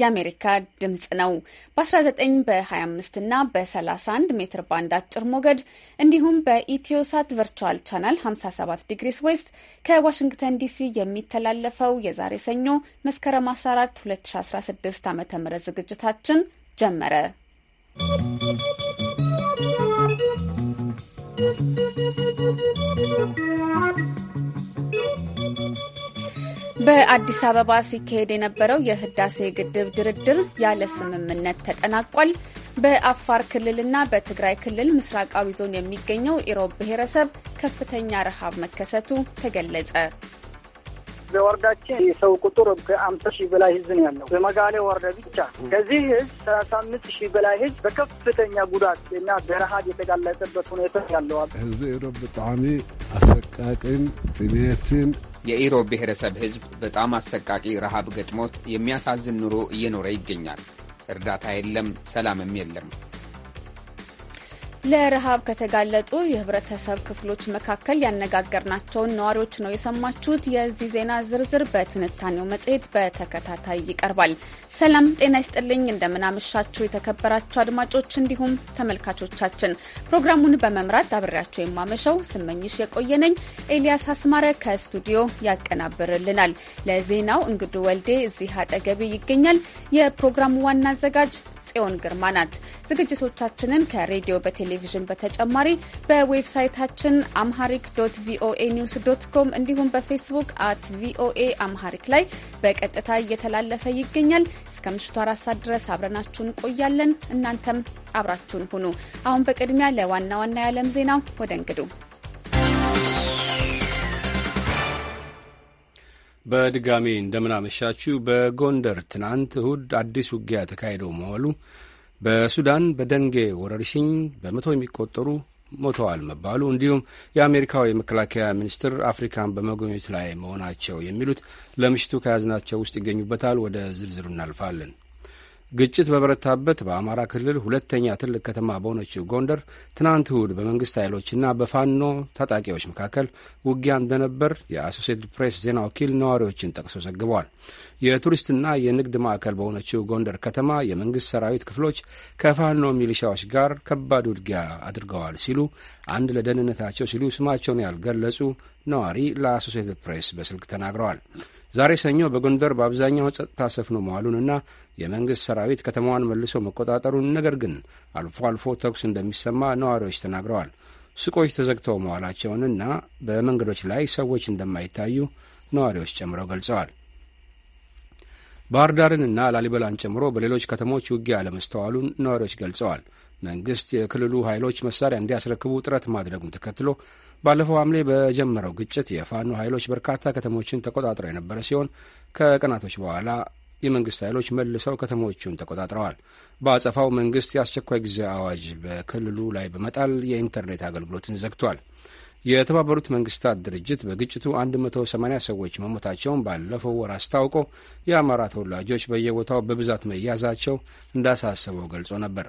የአሜሪካ ድምፅ ነው። በ19 በ25 እና በ31 ሜትር ባንድ አጭር ሞገድ እንዲሁም በኢትዮሳት ቨርቹዋል ቻናል 57 ዲግሪስ ዌስት ከዋሽንግተን ዲሲ የሚተላለፈው የዛሬ ሰኞ መስከረም 14 2016 ዓ ም ዝግጅታችን ጀመረ። በአዲስ አበባ ሲካሄድ የነበረው የህዳሴ ግድብ ድርድር ያለ ስምምነት ተጠናቋል። በአፋር ክልልና በትግራይ ክልል ምስራቃዊ ዞን የሚገኘው ኢሮብ ብሔረሰብ ከፍተኛ ረሃብ መከሰቱ ተገለጸ። በወረዳችን የሰው ቁጥር ከአምሳ ሺህ በላይ ህዝብ ነው ያለው በመጋሌ ወረዳ ብቻ። ከዚህ ህዝብ ሰላሳ አምስት ሺህ በላይ ህዝብ በከፍተኛ ጉዳት እና በረሃድ የተጋለጠበት ሁኔታ ያለዋል። ህዝብ ኢሮብ በጣም አሰቃቅን ስሜትን የኢሮብ ብሔረሰብ ህዝብ በጣም አሰቃቂ ረሃብ ገጥሞት የሚያሳዝን ኑሮ እየኖረ ይገኛል። እርዳታ የለም፣ ሰላምም የለም። ለረሃብ ከተጋለጡ የህብረተሰብ ክፍሎች መካከል ያነጋገርናቸውን ነዋሪዎች ነው የሰማችሁት። የዚህ ዜና ዝርዝር በትንታኔው መጽሔት በተከታታይ ይቀርባል። ሰላም ጤና ይስጥልኝ፣ እንደምናመሻችሁ የተከበራችሁ አድማጮች እንዲሁም ተመልካቾቻችን። ፕሮግራሙን በመምራት አብሬያቸው የማመሸው ስመኝሽ የቆየነኝ። ኤልያስ አስማረ ከስቱዲዮ ያቀናብርልናል። ለዜናው እንግዱ ወልዴ እዚህ አጠገቤ ይገኛል። የፕሮግራሙ ዋና አዘጋጅ ጽዮን ግርማ ናት። ዝግጅቶቻችንን ከሬዲዮ በቴሌቪዥን በተጨማሪ በዌብሳይታችን አምሃሪክ ዶት ቪኦኤ ኒውስ ዶት ኮም እንዲሁም በፌስቡክ አት ቪኦኤ አምሃሪክ ላይ በቀጥታ እየተላለፈ ይገኛል። እስከ ምሽቱ አራት ሰዓት ድረስ አብረናችሁን ቆያለን። እናንተም አብራችሁን ሁኑ። አሁን በቅድሚያ ለዋና ዋና የዓለም ዜናው ወደ እንግዱ በድጋሜ እንደምናመሻችሁ። በጎንደር ትናንት እሁድ አዲስ ውጊያ ተካሂደው መዋሉ፣ በሱዳን በደንጌ ወረርሽኝ በመቶ የሚቆጠሩ ሞተዋል መባሉ፣ እንዲሁም የአሜሪካው የመከላከያ ሚኒስትር አፍሪካን በመጎብኘት ላይ መሆናቸው የሚሉት ለምሽቱ ከያዝናቸው ውስጥ ይገኙበታል። ወደ ዝርዝሩ እናልፋለን። ግጭት በበረታበት በአማራ ክልል ሁለተኛ ትልቅ ከተማ በሆነችው ጎንደር ትናንት እሁድ በመንግስት ኃይሎችና በፋኖ ታጣቂዎች መካከል ውጊያ እንደነበር የአሶሴትድ ፕሬስ ዜና ወኪል ነዋሪዎችን ጠቅሶ ዘግቧል። የቱሪስትና የንግድ ማዕከል በሆነችው ጎንደር ከተማ የመንግስት ሰራዊት ክፍሎች ከፋኖ ሚሊሻዎች ጋር ከባድ ውጊያ አድርገዋል ሲሉ አንድ ለደህንነታቸው ሲሉ ስማቸውን ያልገለጹ ነዋሪ ለአሶሴትድ ፕሬስ በስልክ ተናግረዋል። ዛሬ ሰኞ በጎንደር በአብዛኛው ጸጥታ ሰፍኖ መዋሉንና የመንግሥት ሰራዊት ከተማዋን መልሶ መቆጣጠሩን፣ ነገር ግን አልፎ አልፎ ተኩስ እንደሚሰማ ነዋሪዎች ተናግረዋል። ሱቆች ተዘግተው መዋላቸውንና በመንገዶች ላይ ሰዎች እንደማይታዩ ነዋሪዎች ጨምረው ገልጸዋል። ባህር ዳርንና ላሊበላን ጨምሮ በሌሎች ከተሞች ውጊያ አለመስተዋሉን ነዋሪዎች ገልጸዋል። መንግሥት የክልሉ ኃይሎች መሳሪያ እንዲያስረክቡ ጥረት ማድረጉን ተከትሎ ባለፈው ሐምሌ በጀመረው ግጭት የፋኖ ኃይሎች በርካታ ከተሞችን ተቆጣጥረው የነበረ ሲሆን ከቀናቶች በኋላ የመንግስት ኃይሎች መልሰው ከተሞቹን ተቆጣጥረዋል። በአጸፋው መንግስት የአስቸኳይ ጊዜ አዋጅ በክልሉ ላይ በመጣል የኢንተርኔት አገልግሎትን ዘግቷል። የተባበሩት መንግስታት ድርጅት በግጭቱ 180 ሰዎች መሞታቸውን ባለፈው ወር አስታውቆ የአማራ ተወላጆች በየቦታው በብዛት መያዛቸው እንዳሳሰበው ገልጾ ነበር።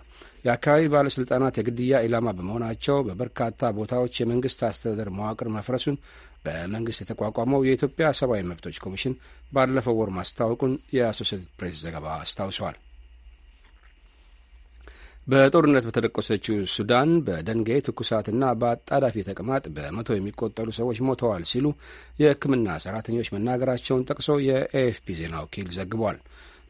የአካባቢ ባለሥልጣናት የግድያ ኢላማ በመሆናቸው በበርካታ ቦታዎች የመንግሥት አስተዳደር መዋቅር መፍረሱን በመንግሥት የተቋቋመው የኢትዮጵያ ሰብአዊ መብቶች ኮሚሽን ባለፈው ወር ማስታወቁን የአሶሴትድ ፕሬስ ዘገባ አስታውሷል። በጦርነት በተደቆሰችው ሱዳን በደንጌ ትኩሳትና በአጣዳፊ ተቅማጥ በመቶ የሚቆጠሩ ሰዎች ሞተዋል ሲሉ የሕክምና ሰራተኞች መናገራቸውን ጠቅሶ የኤኤፍፒ ዜና ወኪል ዘግቧል።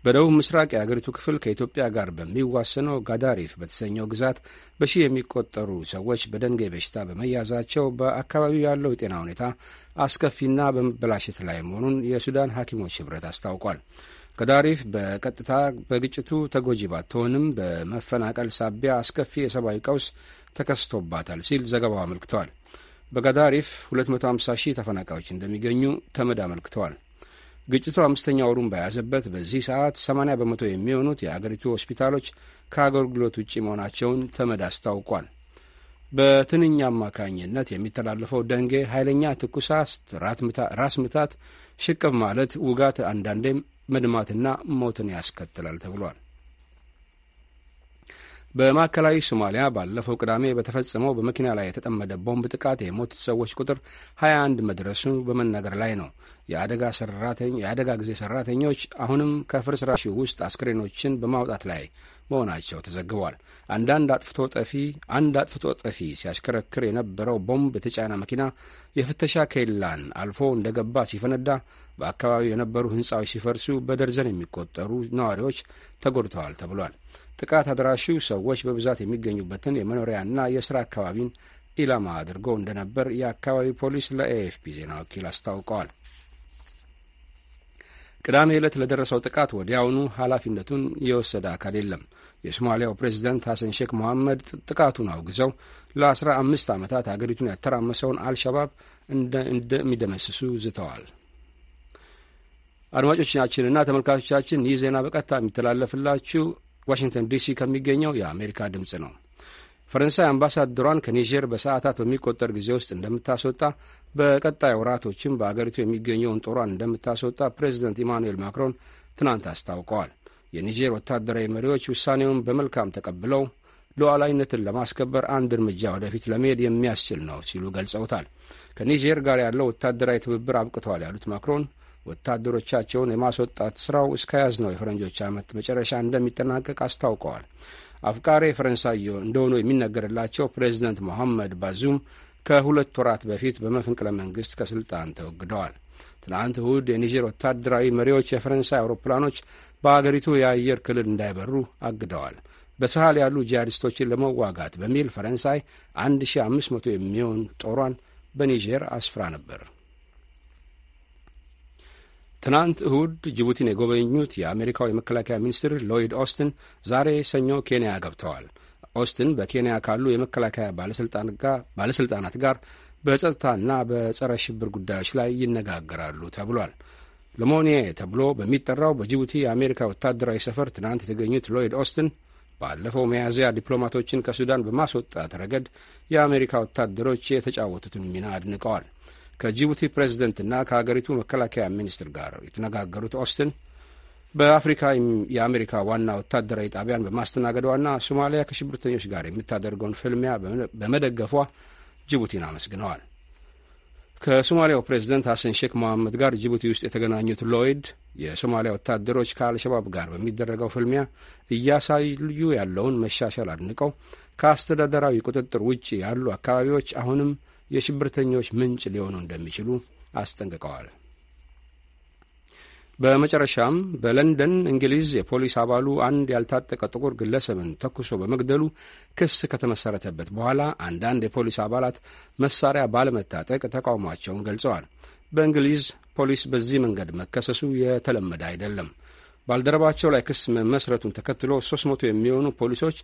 በደቡብ ምስራቅ የአገሪቱ ክፍል ከኢትዮጵያ ጋር በሚዋሰነው ጋዳሪፍ በተሰኘው ግዛት በሺህ የሚቆጠሩ ሰዎች በደንጌ በሽታ በመያዛቸው በአካባቢው ያለው የጤና ሁኔታ አስከፊና በመበላሸት ላይ መሆኑን የሱዳን ሐኪሞች ኅብረት አስታውቋል። ከዳሪፍ በቀጥታ በግጭቱ ተጎጂ ባትሆንም በመፈናቀል ሳቢያ አስከፊ የሰብአዊ ቀውስ ተከስቶባታል ሲል ዘገባው አመልክተዋል። በጋዳሪፍ 250 ሺህ ተፈናቃዮች እንደሚገኙ ተመድ አመልክተዋል። ግጭቱ አምስተኛ ወሩን በያዘበት በዚህ ሰዓት 80 በመቶ የሚሆኑት የአገሪቱ ሆስፒታሎች ከአገልግሎት ውጪ መሆናቸውን ተመድ አስታውቋል። በትንኝ አማካኝነት የሚተላለፈው ደንጌ ኃይለኛ ትኩሳት፣ ራስ ምታት፣ ሽቅብ ማለት፣ ውጋት አንዳንዴም መድማትና ሞትን ያስከትላል ተብሏል። በማዕከላዊ ሶማሊያ ባለፈው ቅዳሜ በተፈጸመው በመኪና ላይ የተጠመደ ቦምብ ጥቃት የሞቱት ሰዎች ቁጥር 21 መድረሱ በመናገር ላይ ነው። የአደጋ ጊዜ ሰራተኞች አሁንም ከፍርስራሹ ውስጥ አስክሬኖችን በማውጣት ላይ መሆናቸው ተዘግቧል። አንዳንድ አጥፍቶ ጠፊ አንድ አጥፍቶ ጠፊ ሲያሽከረክር የነበረው ቦምብ የተጫነ መኪና የፍተሻ ኬላን አልፎ እንደገባ ሲፈነዳ በአካባቢው የነበሩ ሕንፃዎች ሲፈርሱ በደርዘን የሚቆጠሩ ነዋሪዎች ተጎድተዋል ተብሏል። ጥቃት አድራሺው ሰዎች በብዛት የሚገኙበትን የመኖሪያና የሥራ አካባቢን ኢላማ አድርጎ እንደነበር የአካባቢው ፖሊስ ለኤኤፍፒ ዜና ወኪል አስታውቀዋል። ቅዳሜ ዕለት ለደረሰው ጥቃት ወዲያውኑ ኃላፊነቱን የወሰደ አካል የለም። የሶማሊያው ፕሬዚዳንት ሐሰን ሼክ መሐመድ ጥቃቱን አውግዘው ለአስራ አምስት ዓመታት አገሪቱን ያተራመሰውን አልሸባብ እንደሚደመስሱ ዝተዋል። አድማጮቻችንና ተመልካቾቻችን ይህ ዜና በቀጥታ የሚተላለፍላችሁ ዋሽንግተን ዲሲ ከሚገኘው የአሜሪካ ድምፅ ነው። ፈረንሳይ አምባሳደሯን ከኒጀር በሰዓታት በሚቆጠር ጊዜ ውስጥ እንደምታስወጣ በቀጣይ ወራቶችም በአገሪቱ የሚገኘውን ጦሯን እንደምታስወጣ ፕሬዚደንት ኢማኑኤል ማክሮን ትናንት አስታውቀዋል። የኒጀር ወታደራዊ መሪዎች ውሳኔውን በመልካም ተቀብለው ሉዓላዊነትን ለማስከበር አንድ እርምጃ ወደፊት ለመሄድ የሚያስችል ነው ሲሉ ገልጸውታል። ከኒጀር ጋር ያለው ወታደራዊ ትብብር አብቅተዋል ያሉት ማክሮን ወታደሮቻቸውን የማስወጣት ስራው እስከ ያዝነው የፈረንጆች ዓመት መጨረሻ እንደሚጠናቀቅ አስታውቀዋል። አፍቃሪ ፈረንሳዮ እንደሆኑ የሚነገርላቸው ፕሬዚደንት ሞሐመድ ባዙም ከሁለት ወራት በፊት በመፈንቅለ መንግስት ከስልጣን ተወግደዋል። ትናንት እሁድ የኒጀር ወታደራዊ መሪዎች የፈረንሳይ አውሮፕላኖች በአገሪቱ የአየር ክልል እንዳይበሩ አግደዋል። በሰሃል ያሉ ጂሃዲስቶችን ለመዋጋት በሚል ፈረንሳይ 1500 የሚሆን ጦሯን በኒጀር አስፍራ ነበር። ትናንት እሁድ ጅቡቲን የጎበኙት የአሜሪካው የመከላከያ ሚኒስትር ሎይድ ኦስትን ዛሬ ሰኞ ኬንያ ገብተዋል። ኦስትን በኬንያ ካሉ የመከላከያ ባለሥልጣናት ጋር በጸጥታና በጸረ ሽብር ጉዳዮች ላይ ይነጋገራሉ ተብሏል። ለሞኒዬ ተብሎ በሚጠራው በጅቡቲ የአሜሪካ ወታደራዊ ሰፈር ትናንት የተገኙት ሎይድ ኦስትን ባለፈው መያዝያ ዲፕሎማቶችን ከሱዳን በማስወጣት ረገድ የአሜሪካ ወታደሮች የተጫወቱትን ሚና አድንቀዋል። ከጅቡቲ ፕሬዚደንትና ከሀገሪቱ መከላከያ ሚኒስትር ጋር የተነጋገሩት ኦስትን በአፍሪካ የአሜሪካ ዋና ወታደራዊ ጣቢያን በማስተናገዷና ሶማሊያ ከሽብርተኞች ጋር የምታደርገውን ፍልሚያ በመደገፏ ጅቡቲን አመስግነዋል። ከሶማሊያው ፕሬዝደንት ሐሰን ሼክ መሐመድ ጋር ጅቡቲ ውስጥ የተገናኙት ሎይድ የሶማሊያ ወታደሮች ከአልሸባብ ጋር በሚደረገው ፍልሚያ እያሳዩ ያለውን መሻሻል አድንቀው ከአስተዳደራዊ ቁጥጥር ውጭ ያሉ አካባቢዎች አሁንም የሽብርተኞች ምንጭ ሊሆኑ እንደሚችሉ አስጠንቅቀዋል። በመጨረሻም በለንደን እንግሊዝ የፖሊስ አባሉ አንድ ያልታጠቀ ጥቁር ግለሰብን ተኩሶ በመግደሉ ክስ ከተመሰረተበት በኋላ አንዳንድ የፖሊስ አባላት መሳሪያ ባለመታጠቅ ተቃውሟቸውን ገልጸዋል። በእንግሊዝ ፖሊስ በዚህ መንገድ መከሰሱ የተለመደ አይደለም። ባልደረባቸው ላይ ክስ መመስረቱን ተከትሎ 300 የሚሆኑ ፖሊሶች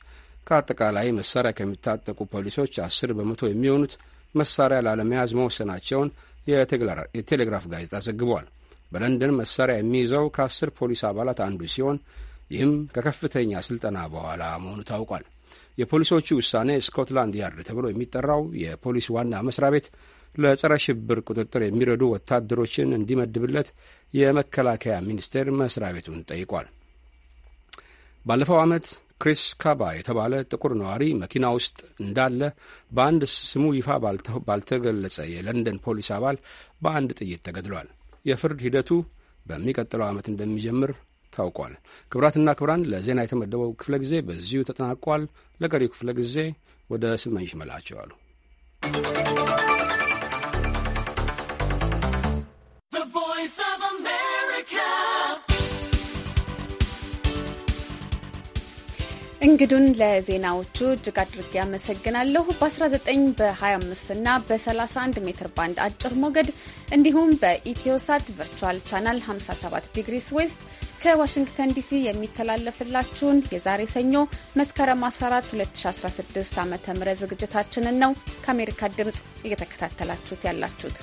ከአጠቃላይ መሳሪያ ከሚታጠቁ ፖሊሶች 10 በመቶ የሚሆኑት መሳሪያ ላለመያዝ መወሰናቸውን የቴሌግራፍ ጋዜጣ ዘግቧል። በለንደን መሳሪያ የሚይዘው ከአስር ፖሊስ አባላት አንዱ ሲሆን ይህም ከከፍተኛ ስልጠና በኋላ መሆኑ ታውቋል። የፖሊሶቹ ውሳኔ ስኮትላንድ ያርድ ተብሎ የሚጠራው የፖሊስ ዋና መስሪያ ቤት ለጸረ ሽብር ቁጥጥር የሚረዱ ወታደሮችን እንዲመድብለት የመከላከያ ሚኒስቴር መስሪያ ቤቱን ጠይቋል። ባለፈው ዓመት ክሪስ ካባ የተባለ ጥቁር ነዋሪ መኪና ውስጥ እንዳለ በአንድ ስሙ ይፋ ባልተገለጸ የለንደን ፖሊስ አባል በአንድ ጥይት ተገድሏል። የፍርድ ሂደቱ በሚቀጥለው ዓመት እንደሚጀምር ታውቋል። ክብራትና ክብራን ለዜና የተመደበው ክፍለ ጊዜ በዚሁ ተጠናቋል። ለቀሪው ክፍለ ጊዜ ወደ ስመኝሽ መላቸዋሉ። እንግዱን ለዜናዎቹ እጅግ አድርጌ አመሰግናለሁ በ በ19 በ25 እና በ31 ሜትር ባንድ አጭር ሞገድ እንዲሁም በኢትዮሳት ቨርቹዋል ቻናል 57 ዲግሪስ ዌስት ከዋሽንግተን ዲሲ የሚተላለፍላችሁን የዛሬ ሰኞ መስከረም 14 2016 ዓ ም ዝግጅታችንን ነው ከአሜሪካ ድምፅ እየተከታተላችሁት ያላችሁት።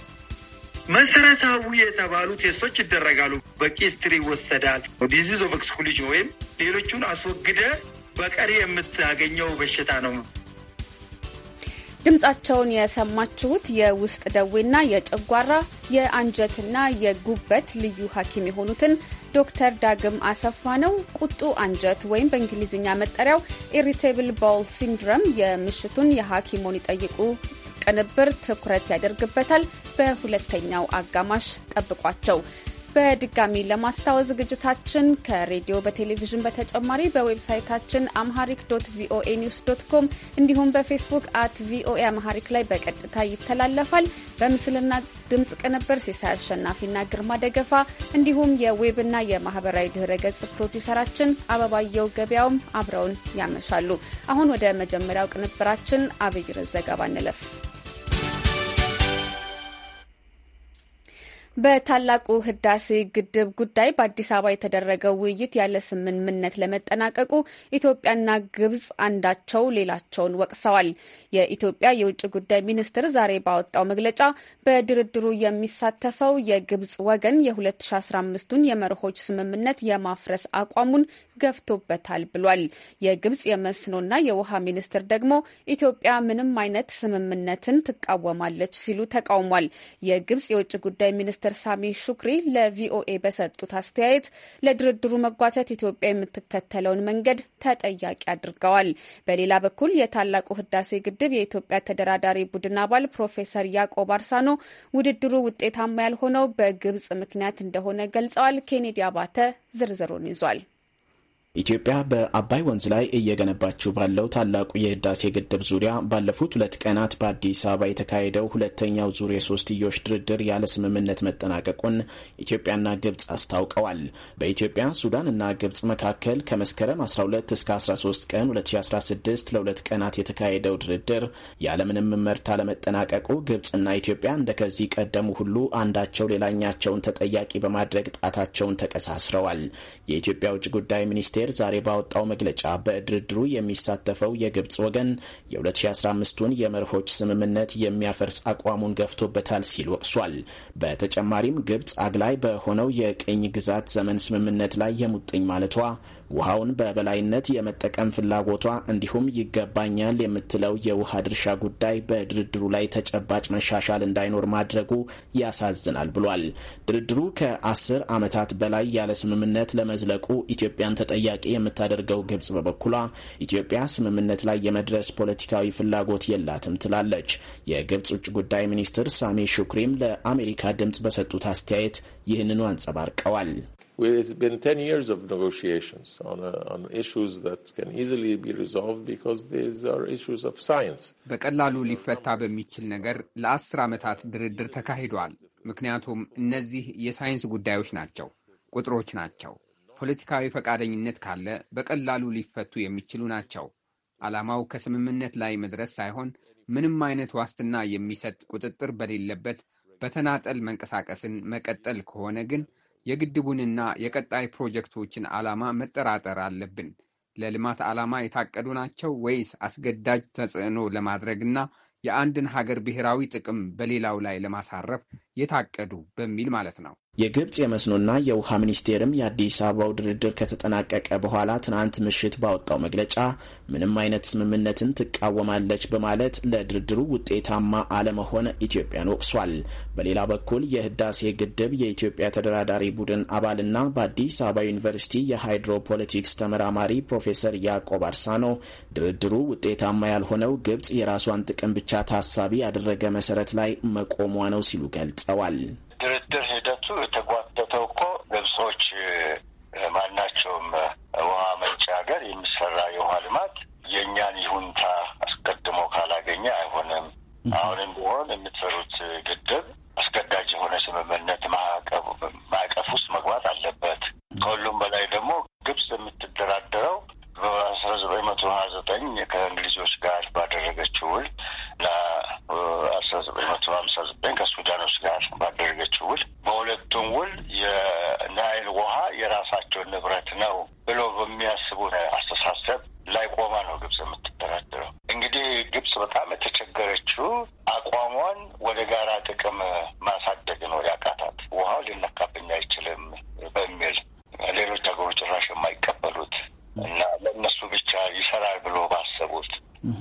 መሰረታዊ የተባሉ ቴስቶች ይደረጋሉ። በኬስትሪ ይወሰዳል። ዲዚዝ ኦፍ ኤክስኩሊዥን ወይም ሌሎቹን አስወግደ በቀሪ የምታገኘው በሽታ ነው። ድምጻቸውን የሰማችሁት የውስጥ ደዌና የጨጓራ የአንጀትና የጉበት ልዩ ሐኪም የሆኑትን ዶክተር ዳግም አሰፋ ነው። ቁጡ አንጀት ወይም በእንግሊዝኛ መጠሪያው ኢሪቴብል ባውል ሲንድረም የምሽቱን የሐኪሞን ይጠይቁ ቅንብር ትኩረት ያደርግበታል። በሁለተኛው አጋማሽ ጠብቋቸው። በድጋሚ ለማስታወስ ዝግጅታችን ከሬዲዮ በቴሌቪዥን በተጨማሪ በዌብሳይታችን አምሃሪክ ዶት ቪኦኤ ኒውስ ዶት ኮም እንዲሁም በፌስቡክ አት ቪኦኤ አምሃሪክ ላይ በቀጥታ ይተላለፋል። በምስልና ድምፅ ቅንብር ሲሳይ አሸናፊና ግርማ ደገፋ እንዲሁም የዌብና የማህበራዊ ድህረ ገጽ ፕሮዲውሰራችን አበባየው ገበያውም አብረውን ያመሻሉ። አሁን ወደ መጀመሪያው ቅንብራችን አብይር ዘገባ እንለፍ። በታላቁ ህዳሴ ግድብ ጉዳይ በአዲስ አበባ የተደረገው ውይይት ያለ ስምምነት ለመጠናቀቁ ኢትዮጵያና ግብጽ አንዳቸው ሌላቸውን ወቅሰዋል። የኢትዮጵያ የውጭ ጉዳይ ሚኒስትር ዛሬ ባወጣው መግለጫ በድርድሩ የሚሳተፈው የግብጽ ወገን የ2015ቱን የመርሆች ስምምነት የማፍረስ አቋሙን ገፍቶበታል ብሏል። የግብጽ የመስኖና የውሃ ሚኒስትር ደግሞ ኢትዮጵያ ምንም አይነት ስምምነትን ትቃወማለች ሲሉ ተቃውሟል። የግብጽ የውጭ ጉዳይ ሚኒስትር ሳሚ ሹክሪ ለቪኦኤ በሰጡት አስተያየት ለድርድሩ መጓተት ኢትዮጵያ የምትከተለውን መንገድ ተጠያቂ አድርገዋል። በሌላ በኩል የታላቁ ህዳሴ ግድብ የኢትዮጵያ ተደራዳሪ ቡድን አባል ፕሮፌሰር ያዕቆብ አርሳኖ ውድድሩ ውጤታማ ያልሆነው በግብጽ ምክንያት እንደሆነ ገልጸዋል። ኬኔዲ አባተ ዝርዝሩን ይዟል። ኢትዮጵያ በአባይ ወንዝ ላይ እየገነባችው ባለው ታላቁ የህዳሴ ግድብ ዙሪያ ባለፉት ሁለት ቀናት በአዲስ አበባ የተካሄደው ሁለተኛው ዙር የሶስትዮሽ ድርድር ያለ ስምምነት መጠናቀቁን ኢትዮጵያና ግብጽ አስታውቀዋል። በኢትዮጵያ ሱዳንና ግብጽ መካከል ከመስከረም 12 እስከ 13 ቀን 2016 ለሁለት ቀናት የተካሄደው ድርድር ያለምንም መርታ ለመጠናቀቁ ግብፅና ኢትዮጵያ እንደከዚህ ቀደሙ ሁሉ አንዳቸው ሌላኛቸውን ተጠያቂ በማድረግ ጣታቸውን ተቀሳስረዋል። የኢትዮጵያ ውጭ ጉዳይ ሚኒስቴር ሚኒስቴር ዛሬ ባወጣው መግለጫ በድርድሩ የሚሳተፈው የግብፅ ወገን የ2015ቱን የመርሆች ስምምነት የሚያፈርስ አቋሙን ገፍቶበታል ሲል ወቅሷል። በተጨማሪም ግብፅ አግላይ በሆነው የቅኝ ግዛት ዘመን ስምምነት ላይ የሙጥኝ ማለቷ ውሃውን በበላይነት የመጠቀም ፍላጎቷ እንዲሁም ይገባኛል የምትለው የውሃ ድርሻ ጉዳይ በድርድሩ ላይ ተጨባጭ መሻሻል እንዳይኖር ማድረጉ ያሳዝናል ብሏል። ድርድሩ ከአስር ዓመታት በላይ ያለ ስምምነት ለመዝለቁ ኢትዮጵያን ተጠያቂ የምታደርገው ግብጽ በበኩሏ ኢትዮጵያ ስምምነት ላይ የመድረስ ፖለቲካዊ ፍላጎት የላትም ትላለች። የግብጽ ውጭ ጉዳይ ሚኒስትር ሳሜ ሹክሪም ለአሜሪካ ድምጽ በሰጡት አስተያየት ይህንኑ አንጸባርቀዋል። It's been 10 years of negotiations on, uh, on issues that can easily be resolved because these are issues of science. በቀላሉ ሊፈታ በሚችል ነገር ለአስር ዓመታት ድርድር ተካሂዷል። ምክንያቱም እነዚህ የሳይንስ ጉዳዮች ናቸው፣ ቁጥሮች ናቸው። ፖለቲካዊ ፈቃደኝነት ካለ በቀላሉ ሊፈቱ የሚችሉ ናቸው። ዓላማው ከስምምነት ላይ መድረስ ሳይሆን ምንም አይነት ዋስትና የሚሰጥ ቁጥጥር በሌለበት በተናጠል መንቀሳቀስን መቀጠል ከሆነ ግን የግድቡንና የቀጣይ ፕሮጀክቶችን ዓላማ መጠራጠር አለብን። ለልማት ዓላማ የታቀዱ ናቸው ወይስ አስገዳጅ ተጽዕኖ ለማድረግና የአንድን ሀገር ብሔራዊ ጥቅም በሌላው ላይ ለማሳረፍ የታቀዱ በሚል ማለት ነው። የግብጽ የመስኖና የውሃ ሚኒስቴርም የአዲስ አበባው ድርድር ከተጠናቀቀ በኋላ ትናንት ምሽት ባወጣው መግለጫ ምንም አይነት ስምምነትን ትቃወማለች በማለት ለድርድሩ ውጤታማ አለመሆን ኢትዮጵያን ወቅሷል። በሌላ በኩል የህዳሴ ግድብ የኢትዮጵያ ተደራዳሪ ቡድን አባልና በአዲስ አበባ ዩኒቨርሲቲ የሃይድሮ ፖለቲክስ ተመራማሪ ፕሮፌሰር ያዕቆብ አርሳኖ ድርድሩ ውጤታማ ያልሆነው ግብጽ የራሷን ጥቅም ብቻ ታሳቢ ያደረገ መሰረት ላይ መቆሟ ነው ሲሉ ገልጽ ገልጸዋል። ድርድር ሂደቱ የተጓተተው እኮ ገብሶች ማናቸውም ውሃ መንጫ ሀገር የሚሰራ የውሃ ልማት የእኛን ይሁንታ አስቀድሞ ካላገኘ አይሆንም። አሁንም ቢሆን የምትሰሩት ግድብ አስገዳጅ የሆነ ስምምነት ማዕቀፍ ውስጥ መግባት አለበት። ከሁሉም በላይ ደግሞ ግብጽ የምትደራደረው በአስራ ዘጠኝ መቶ ሀያ ዘጠኝ ከእንግሊዞች ጋር ባደረገችው ውል እና አስራ ዘጠኝ መቶ ሀምሳ ዘጠኝ ከሱዳኖች ጋር ባደረገችው ውል በሁለቱም ውል የናይል ውሃ የራሳቸው ንብረት ነው ብሎ በሚያስቡ አስተሳሰብ ላይ ቆማ ነው ግብጽ የምትደራደረው። እንግዲህ ግብጽ በጣም የተቸገረችው አቋሟን ወደ ጋራ ጥቅም ማሳደግ ነው ያቃታት። ውሃው ሊነካብኝ አይችልም በሚል ሌሎች ሀገሮች ራሽ የማይቀበሉት እና ለእነሱ ብቻ ይሰራል ብሎ ባሰቡት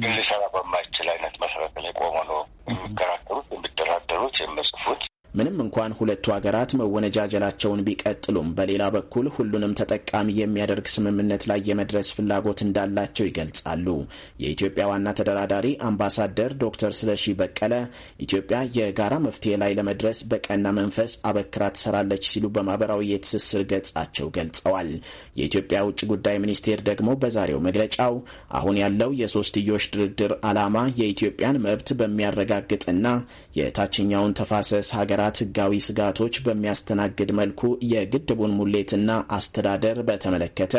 ግን ሊሰራ በማይችል አይነት መሰረት ላይ ቆሞ ነው የሚከራከሩት፣ የሚደራደሩት፣ የሚጽፉት ምንም እንኳን ሁለቱ ሀገራት መወነጃጀላቸውን ቢቀጥሉም በሌላ በኩል ሁሉንም ተጠቃሚ የሚያደርግ ስምምነት ላይ የመድረስ ፍላጎት እንዳላቸው ይገልጻሉ። የኢትዮጵያ ዋና ተደራዳሪ አምባሳደር ዶክተር ስለሺ በቀለ ኢትዮጵያ የጋራ መፍትሄ ላይ ለመድረስ በቀና መንፈስ አበክራ ትሰራለች ሲሉ በማህበራዊ የትስስር ገጻቸው ገልጸዋል። የኢትዮጵያ ውጭ ጉዳይ ሚኒስቴር ደግሞ በዛሬው መግለጫው አሁን ያለው የሶስትዮሽ ድርድር ዓላማ የኢትዮጵያን መብት በሚያረጋግጥና የታችኛውን ተፋሰስ ሀገራ ሀገራት ህጋዊ ስጋቶች በሚያስተናግድ መልኩ የግድቡን ሙሌትና አስተዳደር በተመለከተ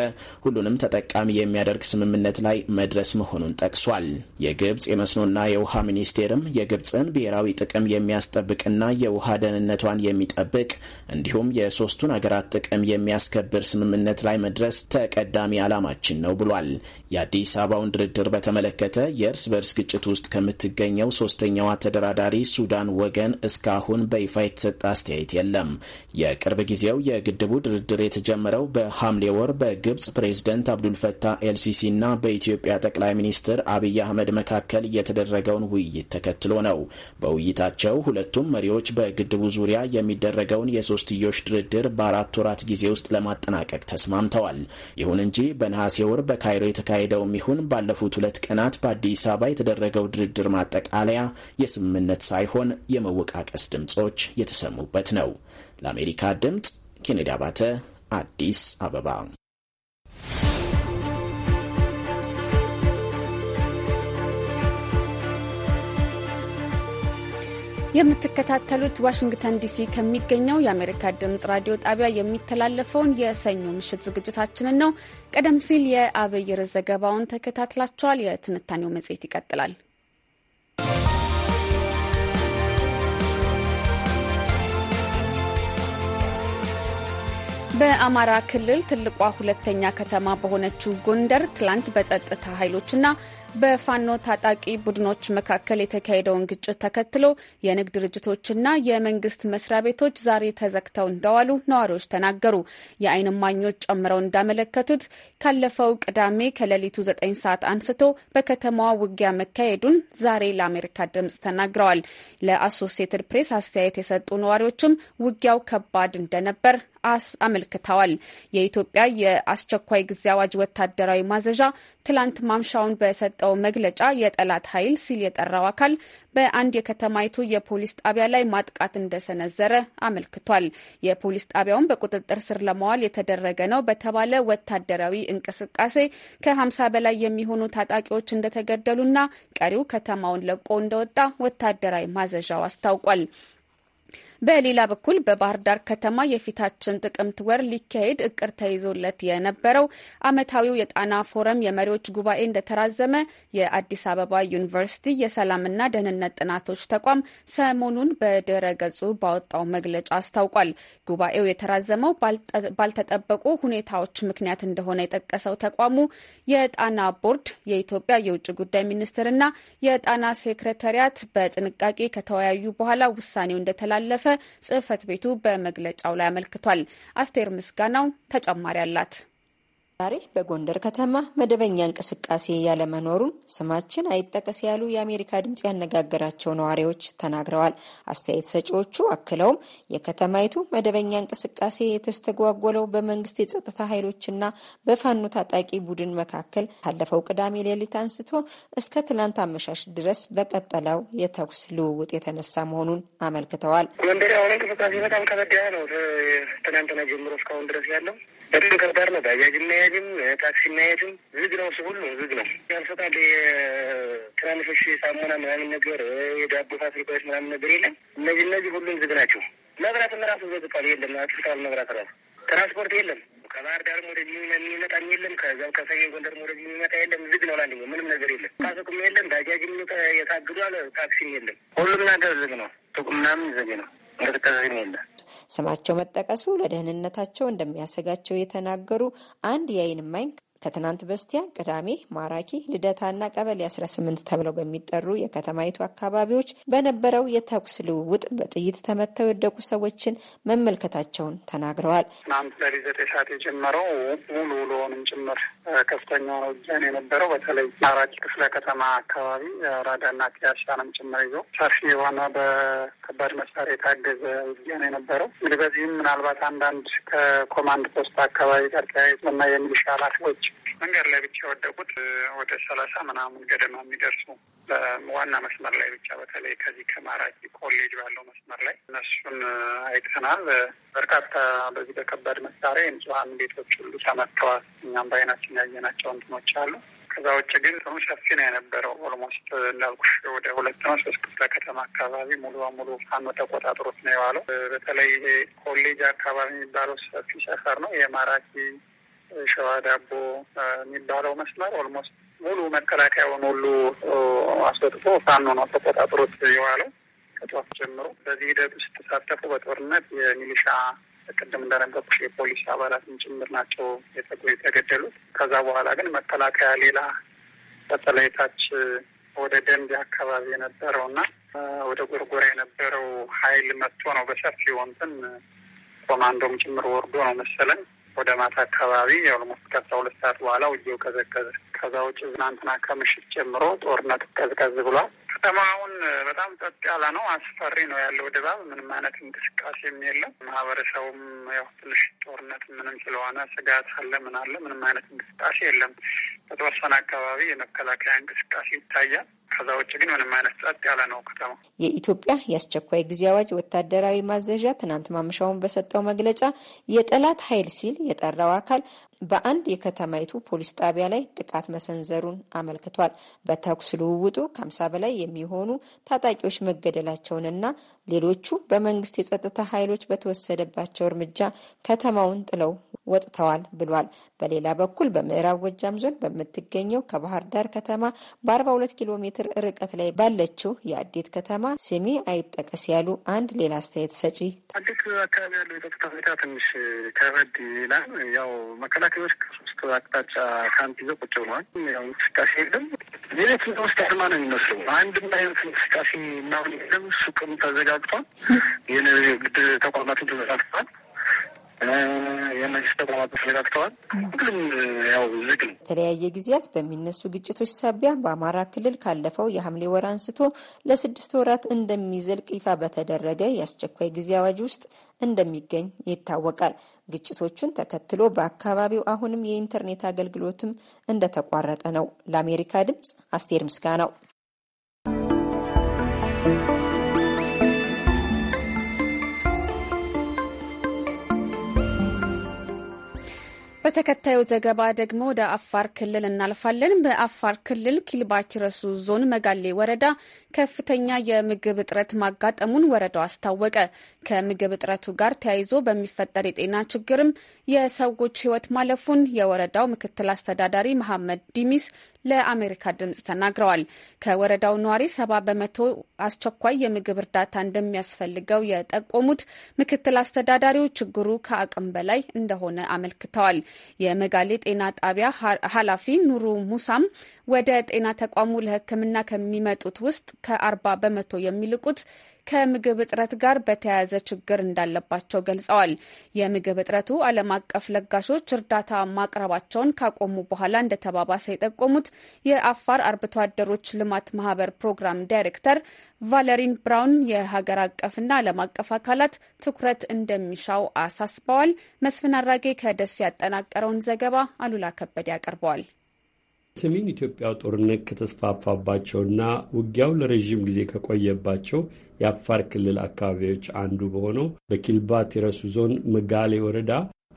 ሁሉንም ተጠቃሚ የሚያደርግ ስምምነት ላይ መድረስ መሆኑን ጠቅሷል። የግብፅ የመስኖና የውሃ ሚኒስቴርም የግብፅን ብሔራዊ ጥቅም የሚያስጠብቅና የውሃ ደህንነቷን የሚጠብቅ እንዲሁም የሶስቱን ሀገራት ጥቅም የሚያስከብር ስምምነት ላይ መድረስ ተቀዳሚ ዓላማችን ነው ብሏል። የአዲስ አበባውን ድርድር በተመለከተ የእርስ በርስ ግጭት ውስጥ ከምትገኘው ሶስተኛዋ ተደራዳሪ ሱዳን ወገን እስካሁን በይፋ በይፋ የተሰጠ አስተያየት የለም። የቅርብ ጊዜው የግድቡ ድርድር የተጀመረው በሐምሌ ወር በግብጽ ፕሬዝደንት አብዱልፈታህ ና በኢትዮጵያ ጠቅላይ ሚኒስትር አብይ አህመድ መካከል የተደረገውን ውይይት ተከትሎ ነው። በውይይታቸው ሁለቱም መሪዎች በግድቡ ዙሪያ የሚደረገውን የሶስትዮሽ ድርድር በአራት ወራት ጊዜ ውስጥ ለማጠናቀቅ ተስማምተዋል። ይሁን እንጂ በነሐሴ ወር በካይሮ የተካሄደውም ይሁን ባለፉት ሁለት ቀናት በአዲስ አበባ የተደረገው ድርድር ማጠቃለያ የስምምነት ሳይሆን የመወቃቀስ ድምጾች የተሰሙበት ነው። ለአሜሪካ ድምፅ ኬኔዲ አባተ አዲስ አበባ። የምትከታተሉት ዋሽንግተን ዲሲ ከሚገኘው የአሜሪካ ድምጽ ራዲዮ ጣቢያ የሚተላለፈውን የሰኞ ምሽት ዝግጅታችንን ነው። ቀደም ሲል የአብይር ዘገባውን ተከታትላችኋል። የትንታኔው መጽሔት ይቀጥላል። በአማራ ክልል ትልቋ ሁለተኛ ከተማ በሆነችው ጎንደር ትላንት በጸጥታ ኃይሎችና በፋኖ ታጣቂ ቡድኖች መካከል የተካሄደውን ግጭት ተከትሎ የንግድ ድርጅቶችና የመንግስት መስሪያ ቤቶች ዛሬ ተዘግተው እንደዋሉ ነዋሪዎች ተናገሩ። የአይን እማኞች ጨምረው እንዳመለከቱት ካለፈው ቅዳሜ ከሌሊቱ ዘጠኝ ሰዓት አንስቶ በከተማዋ ውጊያ መካሄዱን ዛሬ ለአሜሪካ ድምጽ ተናግረዋል። ለአሶሲየትድ ፕሬስ አስተያየት የሰጡ ነዋሪዎችም ውጊያው ከባድ እንደነበር አመልክተዋል። የኢትዮጵያ የአስቸኳይ ጊዜ አዋጅ ወታደራዊ ማዘዣ ትላንት ማምሻውን በሰጠው መግለጫ የጠላት ኃይል ሲል የጠራው አካል በአንድ የከተማይቱ የፖሊስ ጣቢያ ላይ ማጥቃት እንደሰነዘረ አመልክቷል። የፖሊስ ጣቢያውን በቁጥጥር ስር ለማዋል የተደረገ ነው በተባለ ወታደራዊ እንቅስቃሴ ከ በላይ የሚሆኑ ታጣቂዎች እንደተገደሉና ቀሪው ከተማውን ለቆ እንደወጣ ወታደራዊ ማዘዣው አስታውቋል። በሌላ በኩል በባህር ዳር ከተማ የፊታችን ጥቅምት ወር ሊካሄድ እቅድ ተይዞለት የነበረው ዓመታዊው የጣና ፎረም የመሪዎች ጉባኤ እንደተራዘመ የአዲስ አበባ ዩኒቨርሲቲ የሰላምና ደህንነት ጥናቶች ተቋም ሰሞኑን በድረ ገጹ ባወጣው መግለጫ አስታውቋል። ጉባኤው የተራዘመው ባልተጠበቁ ሁኔታዎች ምክንያት እንደሆነ የጠቀሰው ተቋሙ የጣና ቦርድ፣ የኢትዮጵያ የውጭ ጉዳይ ሚኒስትርና የጣና ሴክሬታሪያት በጥንቃቄ ከተወያዩ በኋላ ውሳኔው እንደተላለፈ ጽህፈት ቤቱ በመግለጫው ላይ አመልክቷል። አስቴር ምስጋናው ተጨማሪ አላት። ዛሬ በጎንደር ከተማ መደበኛ እንቅስቃሴ ያለመኖሩን ስማችን አይጠቀስ ያሉ የአሜሪካ ድምፅ ያነጋገራቸው ነዋሪዎች ተናግረዋል። አስተያየት ሰጪዎቹ አክለውም የከተማይቱ መደበኛ እንቅስቃሴ የተስተጓጎለው በመንግስት የጸጥታ ኃይሎችና በፋኖ ታጣቂ ቡድን መካከል ካለፈው ቅዳሜ ሌሊት አንስቶ እስከ ትናንት አመሻሽ ድረስ በቀጠለው የተኩስ ልውውጥ የተነሳ መሆኑን አመልክተዋል። ጎንደር አሁን እንቅስቃሴ በጣም ከበድ ያለ ነው። ትናንትና ጀምሮ እስካሁን ድረስ ያለው በጣም ከባድ ነው። ባጃጅ የማይሄድም ታክሲ የማይሄድም ዝግ ነው። ሁሉ ዝግ ነው። ያልሰጣል የትናንሾች ሳሙና ምናምን ነገር የዳቦ ፋብሪካዎች ምናምን ነገር የለም። እነዚህ እነዚህ ሁሉም ዝግ ናቸው። መብራትም ራሱ ዘግቷል። የለም አትፍታል። መብራት ራሱ። ትራንስፖርት የለም። ከባህር ዳርም ወደዚህ የሚመጣም የለም። ከዛም ከሰሜን ጎንደር ወደዚህ የሚመጣ የለም። ዝግ ነው። ላንድ ምንም ነገር የለም። ፓስቁም የለም። ባጃጅም የታግዷል። ታክሲም የለም። ሁሉም ነገር ዝግ ነው። ሱቁ ምናምን ዝግ ነው። እንቅስቃሴም የለም። ስማቸው መጠቀሱ ለደህንነታቸው እንደሚያሰጋቸው የተናገሩ አንድ የአይን እማኝ ከትናንት በስቲያ ቅዳሜ ማራኪ ልደታና ቀበሌ 18 ተብለው በሚጠሩ የከተማይቱ አካባቢዎች በነበረው የተኩስ ልውውጥ በጥይት ተመተው የወደቁ ሰዎችን መመልከታቸውን ተናግረዋል። ትናንት ለሊት ዘጠኝ ሰዓት የጀመረው ሙሉ ውሎውንም ጭምር ከፍተኛ ውጊያን የነበረው በተለይ ማራኪ ክፍለ ከተማ አካባቢ ራዳና ፒያሳንም ጭምር ይዞ ሰፊ የሆነ በከባድ መሳሪያ የታገዘ ውጊያን የነበረው እንግዲህ በዚህም ምናልባት አንዳንድ ከኮማንድ ፖስት አካባቢ ጋር ተያይዞና የሚሊሻ ኃላፊዎች መንገድ ላይ ብቻ የወደቁት ወደ ሰላሳ ምናምን ገደማ የሚደርሱ ዋና መስመር ላይ ብቻ በተለይ ከዚህ ከማራኪ ኮሌጅ ባለው መስመር ላይ እነሱን አይተናል። በርካታ በዚህ በከባድ መሳሪያ የንጹሀን ቤቶች ሁሉ ተመትተዋል። እኛም በአይናችን ያየናቸው እንትኖች አሉ። ከዛ ውጭ ግን ጥሩ ሰፊ ነው የነበረው። ኦልሞስት እንዳልኩሽ ወደ ሁለት ነው ሶስት ክፍለ ከተማ አካባቢ ሙሉ በሙሉ ፋኖ ተቆጣጥሮት ነው የዋለው። በተለይ ኮሌጅ አካባቢ የሚባለው ሰፊ ሰፈር ነው የማራኪ ሸዋ ዳቦ የሚባለው መስመር ኦልሞስት ሙሉ መከላከያውን ሁሉ አስወጥቶ ፋኖ ነው ተቆጣጥሮት የዋለው ከጠዋት ጀምሮ። በዚህ ሂደት ውስጥ ተሳተፉ በጦርነት የሚሊሻ ቅድም እንደነገርኩሽ የፖሊስ አባላትን ጭምር ናቸው የተገደሉት። ከዛ በኋላ ግን መከላከያ ሌላ በተለይ ታች ወደ ደንብ አካባቢ የነበረው እና ወደ ጎርጎራ የነበረው ኃይል መጥቶ ነው በሰፊ ወንትን ኮማንዶም ጭምር ወርዶ ነው መሰለን ወደ ማታ አካባቢ የኦልሞስት ከአስራ ሁለት ሰዓት በኋላ ውጊያው ቀዘቀዘ። ከዛ ውጭ ትናንትና ከምሽት ጀምሮ ጦርነት ቀዝቀዝ ብሏል። ከተማውን በጣም ጸጥ ያለ ነው። አስፈሪ ነው ያለው ድባብ። ምንም አይነት እንቅስቃሴም የለም። ማህበረሰቡም ያው ትንሽ ጦርነት ምንም ስለሆነ ስጋት አለ፣ ምን አለ፣ ምንም አይነት እንቅስቃሴ የለም። በተወሰነ አካባቢ የመከላከያ እንቅስቃሴ ይታያል። ከዛ ውጭ ግን ምንም አይነት ጸጥ ያለ ነው ከተማ። የኢትዮጵያ የአስቸኳይ ጊዜ አዋጅ ወታደራዊ ማዘዣ ትናንት ማምሻውን በሰጠው መግለጫ የጠላት ኃይል ሲል የጠራው አካል በአንድ የከተማይቱ ፖሊስ ጣቢያ ላይ ጥቃት መሰንዘሩን አመልክቷል። በተኩስ ልውውጡ ከሀምሳ በላይ የሚሆኑ ታጣቂዎች መገደላቸውንና ሌሎቹ በመንግስት የጸጥታ ኃይሎች በተወሰደባቸው እርምጃ ከተማውን ጥለው ወጥተዋል ብሏል። በሌላ በኩል በምዕራብ ጎጃም ዞን በምትገኘው ከባህር ዳር ከተማ በ42 ኪሎ ሜትር ርቀት ላይ ባለችው የአዴት ከተማ ስሜ አይጠቀስ ያሉ አንድ ሌላ አስተያየት ሰጪ አዴት አካባቢ ያለው የጸጥታ ሁኔታ ትንሽ ከበድ ይላል። ያው መከላከያዎች ከሶስት አቅጣጫ ካምፕ ይዘው ቁጭ ብለዋል። ያው እንቅስቃሴ የለም። ሌሎች ውስጥ አድማ ነው የሚመስለው። አንድም አይነት እንቅስቃሴ ምናምን የለም። ሱቅም ተዘጋግቷል። የንግድ ተቋማትም ተዘጋግቷል። የመንግስት ተቋማት ተዘጋግተዋል። ሁሉም ያው ዝግ ነው። የተለያየ ጊዜያት በሚነሱ ግጭቶች ሳቢያ በአማራ ክልል ካለፈው የሐምሌ ወር አንስቶ ለስድስት ወራት እንደሚዘልቅ ይፋ በተደረገ የአስቸኳይ ጊዜ አዋጅ ውስጥ እንደሚገኝ ይታወቃል። ግጭቶቹን ተከትሎ በአካባቢው አሁንም የኢንተርኔት አገልግሎትም እንደተቋረጠ ነው። ለአሜሪካ ድምጽ አስቴር ምስጋናው በተከታዩ ዘገባ ደግሞ ወደ አፋር ክልል እናልፋለን። በአፋር ክልል ኪልባቲ ረሱ ዞን መጋሌ ወረዳ ከፍተኛ የምግብ እጥረት ማጋጠሙን ወረዳው አስታወቀ። ከምግብ እጥረቱ ጋር ተያይዞ በሚፈጠር የጤና ችግርም የሰዎች ሕይወት ማለፉን የወረዳው ምክትል አስተዳዳሪ መሐመድ ዲሚስ ለአሜሪካ ድምጽ ተናግረዋል። ከወረዳው ነዋሪ ሰባ በመቶ አስቸኳይ የምግብ እርዳታ እንደሚያስፈልገው የጠቆሙት ምክትል አስተዳዳሪው ችግሩ ከአቅም በላይ እንደሆነ አመልክተዋል። የመጋሌ ጤና ጣቢያ ኃላፊ ኑሩ ሙሳም ወደ ጤና ተቋሙ ለሕክምና ከሚመጡት ውስጥ ከአርባ በመቶ የሚልቁት ከምግብ እጥረት ጋር በተያያዘ ችግር እንዳለባቸው ገልጸዋል። የምግብ እጥረቱ ዓለም አቀፍ ለጋሾች እርዳታ ማቅረባቸውን ካቆሙ በኋላ እንደተባባሰ የጠቆሙት የአፋር አርብቶ አደሮች ልማት ማህበር ፕሮግራም ዳይሬክተር ቫለሪን ብራውን የሀገር አቀፍና ዓለም አቀፍ አካላት ትኩረት እንደሚሻው አሳስበዋል። መስፍን አራጌ ከደሴ ያጠናቀረውን ዘገባ አሉላ ከበደ ያቀርበዋል። ሰሜን ኢትዮጵያ ጦርነት ከተስፋፋባቸውና ውጊያው ለረዥም ጊዜ ከቆየባቸው የአፋር ክልል አካባቢዎች አንዱ በሆነው በኪልባት የረሱ ዞን መጋሌ ወረዳ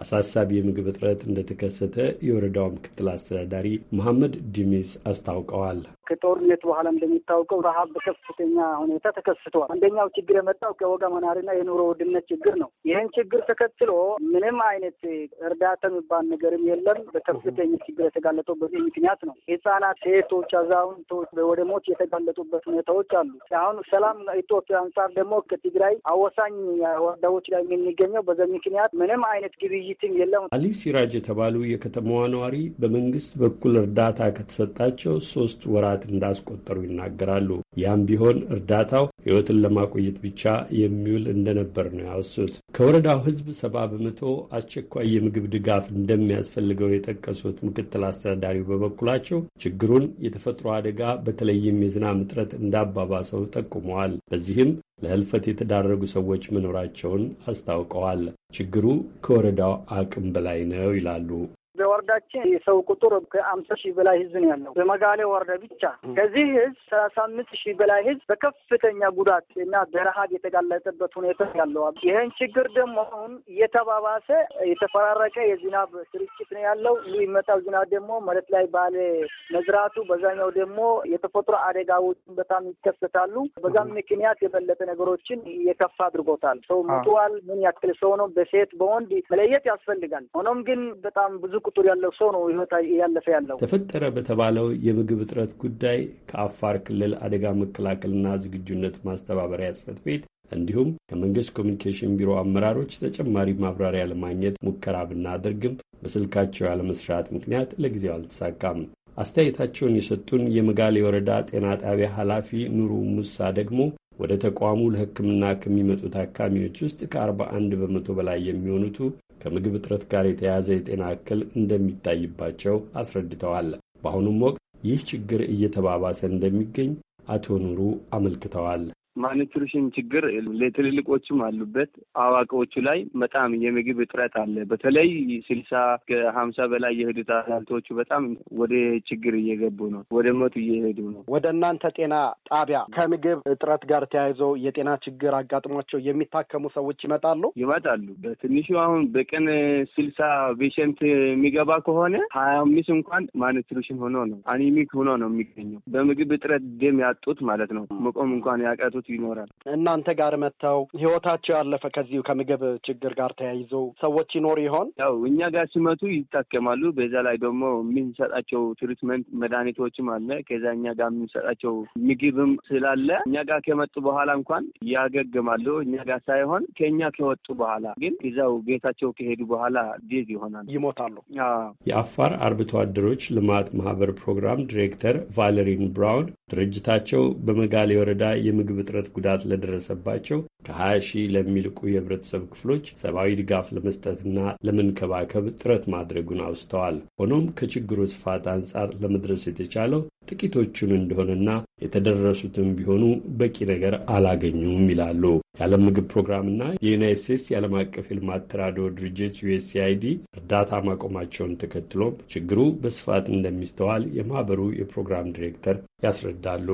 አሳሳቢ የምግብ እጥረት እንደተከሰተ የወረዳው ምክትል አስተዳዳሪ መሐመድ ዲሚስ አስታውቀዋል። ከጦርነት በኋላ እንደሚታወቀው ረሀብ በከፍተኛ ሁኔታ ተከስቷል። አንደኛው ችግር የመጣው ከወጋ መናሪና የኑሮ ውድነት ችግር ነው። ይህን ችግር ተከትሎ ምንም አይነት እርዳታ የሚባል ነገርም የለም። በከፍተኛ ችግር የተጋለጠው በዚህ ምክንያት ነው። ህጻናት፣ ሴቶች፣ አዛውንቶች ወደ ሞት የተጋለጡበት ሁኔታዎች አሉ። አሁን ሰላም ኢትዮጵያ አንጻር ደግሞ ከትግራይ አወሳኝ ወረዳዎች ላይ የሚገኘው በዚህ ምክንያት ምንም አይነት ግብይትም የለም። አሊ ሲራጅ የተባሉ የከተማዋ ነዋሪ በመንግስት በኩል እርዳታ ከተሰጣቸው ሶስት ወራት ሰዓት እንዳስቆጠሩ ይናገራሉ። ያም ቢሆን እርዳታው ሕይወትን ለማቆየት ብቻ የሚውል እንደነበር ነው ያወሱት። ከወረዳው ሕዝብ ሰባ በመቶ አስቸኳይ የምግብ ድጋፍ እንደሚያስፈልገው የጠቀሱት ምክትል አስተዳዳሪው በበኩላቸው ችግሩን የተፈጥሮ አደጋ በተለይም የዝናብ እጥረት እንዳባባሰው ጠቁመዋል። በዚህም ለህልፈት የተዳረጉ ሰዎች መኖራቸውን አስታውቀዋል። ችግሩ ከወረዳው አቅም በላይ ነው ይላሉ በወረዳችን የሰው ቁጥር ከአምሳ ሺህ በላይ ህዝብ ነው ያለው በመጋሌ ወረዳ ብቻ። ከዚህ ህዝብ ሰላሳ አምስት ሺህ በላይ ህዝብ በከፍተኛ ጉዳት እና በረሀብ የተጋለጠበት ሁኔታ ያለዋል። ይህን ችግር ደግሞ አሁን እየተባባሰ የተፈራረቀ የዝናብ ስርጭት ነው ያለው። የሚመጣው ዝናብ ደግሞ መሬት ላይ ባለ መዝራቱ፣ በዛኛው ደግሞ የተፈጥሮ አደጋዎች በጣም ይከሰታሉ። በዛም ምክንያት የበለጠ ነገሮችን የከፋ አድርጎታል። ሰው ምጥዋል ምን ያክል ሰው ነው በሴት በወንድ መለየት ያስፈልጋል። ሆኖም ግን በጣም ብዙ ቁጥር ያለው ሰው ነው ህይወት እያለፈ ያለው። ተፈጠረ በተባለው የምግብ እጥረት ጉዳይ ከአፋር ክልል አደጋ መከላከልና ዝግጁነት ማስተባበሪያ ጽሕፈት ቤት እንዲሁም ከመንግስት ኮሚኒኬሽን ቢሮ አመራሮች ተጨማሪ ማብራሪያ ለማግኘት ሙከራ ብናደርግም በስልካቸው ያለመስራት ምክንያት ለጊዜው አልተሳካም። አስተያየታቸውን የሰጡን የመጋሌ ወረዳ ጤና ጣቢያ ኃላፊ ኑሩ ሙሳ ደግሞ ወደ ተቋሙ ለሕክምና ከሚመጡ ታካሚዎች ውስጥ ከአርባ አንድ በመቶ በላይ የሚሆኑቱ ከምግብ እጥረት ጋር የተያያዘ የጤና እክል እንደሚታይባቸው አስረድተዋል። በአሁኑም ወቅት ይህ ችግር እየተባባሰ እንደሚገኝ አቶ ኑሩ አመልክተዋል። ማኒትሪሽን ችግር ለትልልቆችም አሉበት። አዋቂዎቹ ላይ በጣም የምግብ እጥረት አለ። በተለይ ስልሳ ከሀምሳ በላይ የሄዱት አዛውንቶቹ በጣም ወደ ችግር እየገቡ ነው፣ ወደ ሞት እየሄዱ ነው። ወደ እናንተ ጤና ጣቢያ ከምግብ እጥረት ጋር ተያይዘው የጤና ችግር አጋጥሟቸው የሚታከሙ ሰዎች ይመጣሉ ይመጣሉ። በትንሹ አሁን በቀን ስልሳ ፔሸንት የሚገባ ከሆነ ሀያ አምስት እንኳን ማኒትሪሽን ሆኖ ነው አኒሚክ ሆኖ ነው የሚገኘው። በምግብ እጥረት ደም ያጡት ማለት ነው መቆም እንኳን ያቀቱት ህይወቱ ይኖራል። እናንተ ጋር መጥተው ህይወታቸው ያለፈ ከዚሁ ከምግብ ችግር ጋር ተያይዞ ሰዎች ይኖር ይሆን? ያው እኛ ጋር ሲመቱ ይታከማሉ። በዛ ላይ ደግሞ የምንሰጣቸው ትሪትመንት መድኃኒቶችም አለ። ከዛ እኛ ጋር የምንሰጣቸው ምግብም ስላለ እኛ ጋር ከመጡ በኋላ እንኳን ያገግማሉ። እኛ ጋር ሳይሆን ከእኛ ከወጡ በኋላ ግን እዛው ቤታቸው ከሄዱ በኋላ ዴዝ ይሆናል፣ ይሞታሉ። የአፋር አርብቶ አደሮች ልማት ማህበር ፕሮግራም ዲሬክተር ቫለሪን ብራውን ድርጅታቸው በመጋሌ ወረዳ የምግብ እጥረት ጉዳት ለደረሰባቸው ከ20 ሺህ ለሚልቁ የህብረተሰብ ክፍሎች ሰብአዊ ድጋፍ ለመስጠትና ለመንከባከብ ጥረት ማድረጉን አውስተዋል። ሆኖም ከችግሩ ስፋት አንጻር ለመድረስ የተቻለው ጥቂቶቹን እንደሆነና የተደረሱትም ቢሆኑ በቂ ነገር አላገኙም ይላሉ። የዓለም ምግብ ፕሮግራምና የዩናይት ስቴትስ የዓለም አቀፍ የልማት ተራድኦ ድርጅት ዩኤስኤአይዲ እርዳታ ማቆማቸውን ተከትሎም ችግሩ በስፋት እንደሚስተዋል የማህበሩ የፕሮግራም ዲሬክተር ያስረዳሉ።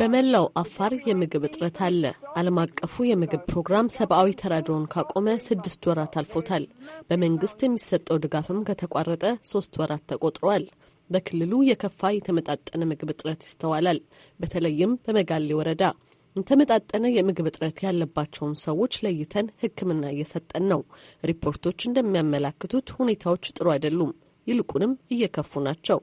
በመላው አፋር የምግብ እጥረት አለ። ዓለም አቀፉ የምግብ ፕሮግራም ሰብአዊ ተራድኦን ካቆመ ስድስት ወራት አልፎታል። በመንግስት የሚ የሚሰጠው ድጋፍም ከተቋረጠ ሶስት ወራት ተቆጥረዋል። በክልሉ የከፋ የተመጣጠነ ምግብ እጥረት ይስተዋላል። በተለይም በመጋሌ ወረዳ የተመጣጠነ የምግብ እጥረት ያለባቸውን ሰዎች ለይተን ሕክምና እየሰጠን ነው። ሪፖርቶች እንደሚያመላክቱት ሁኔታዎች ጥሩ አይደሉም። ይልቁንም እየከፉ ናቸው።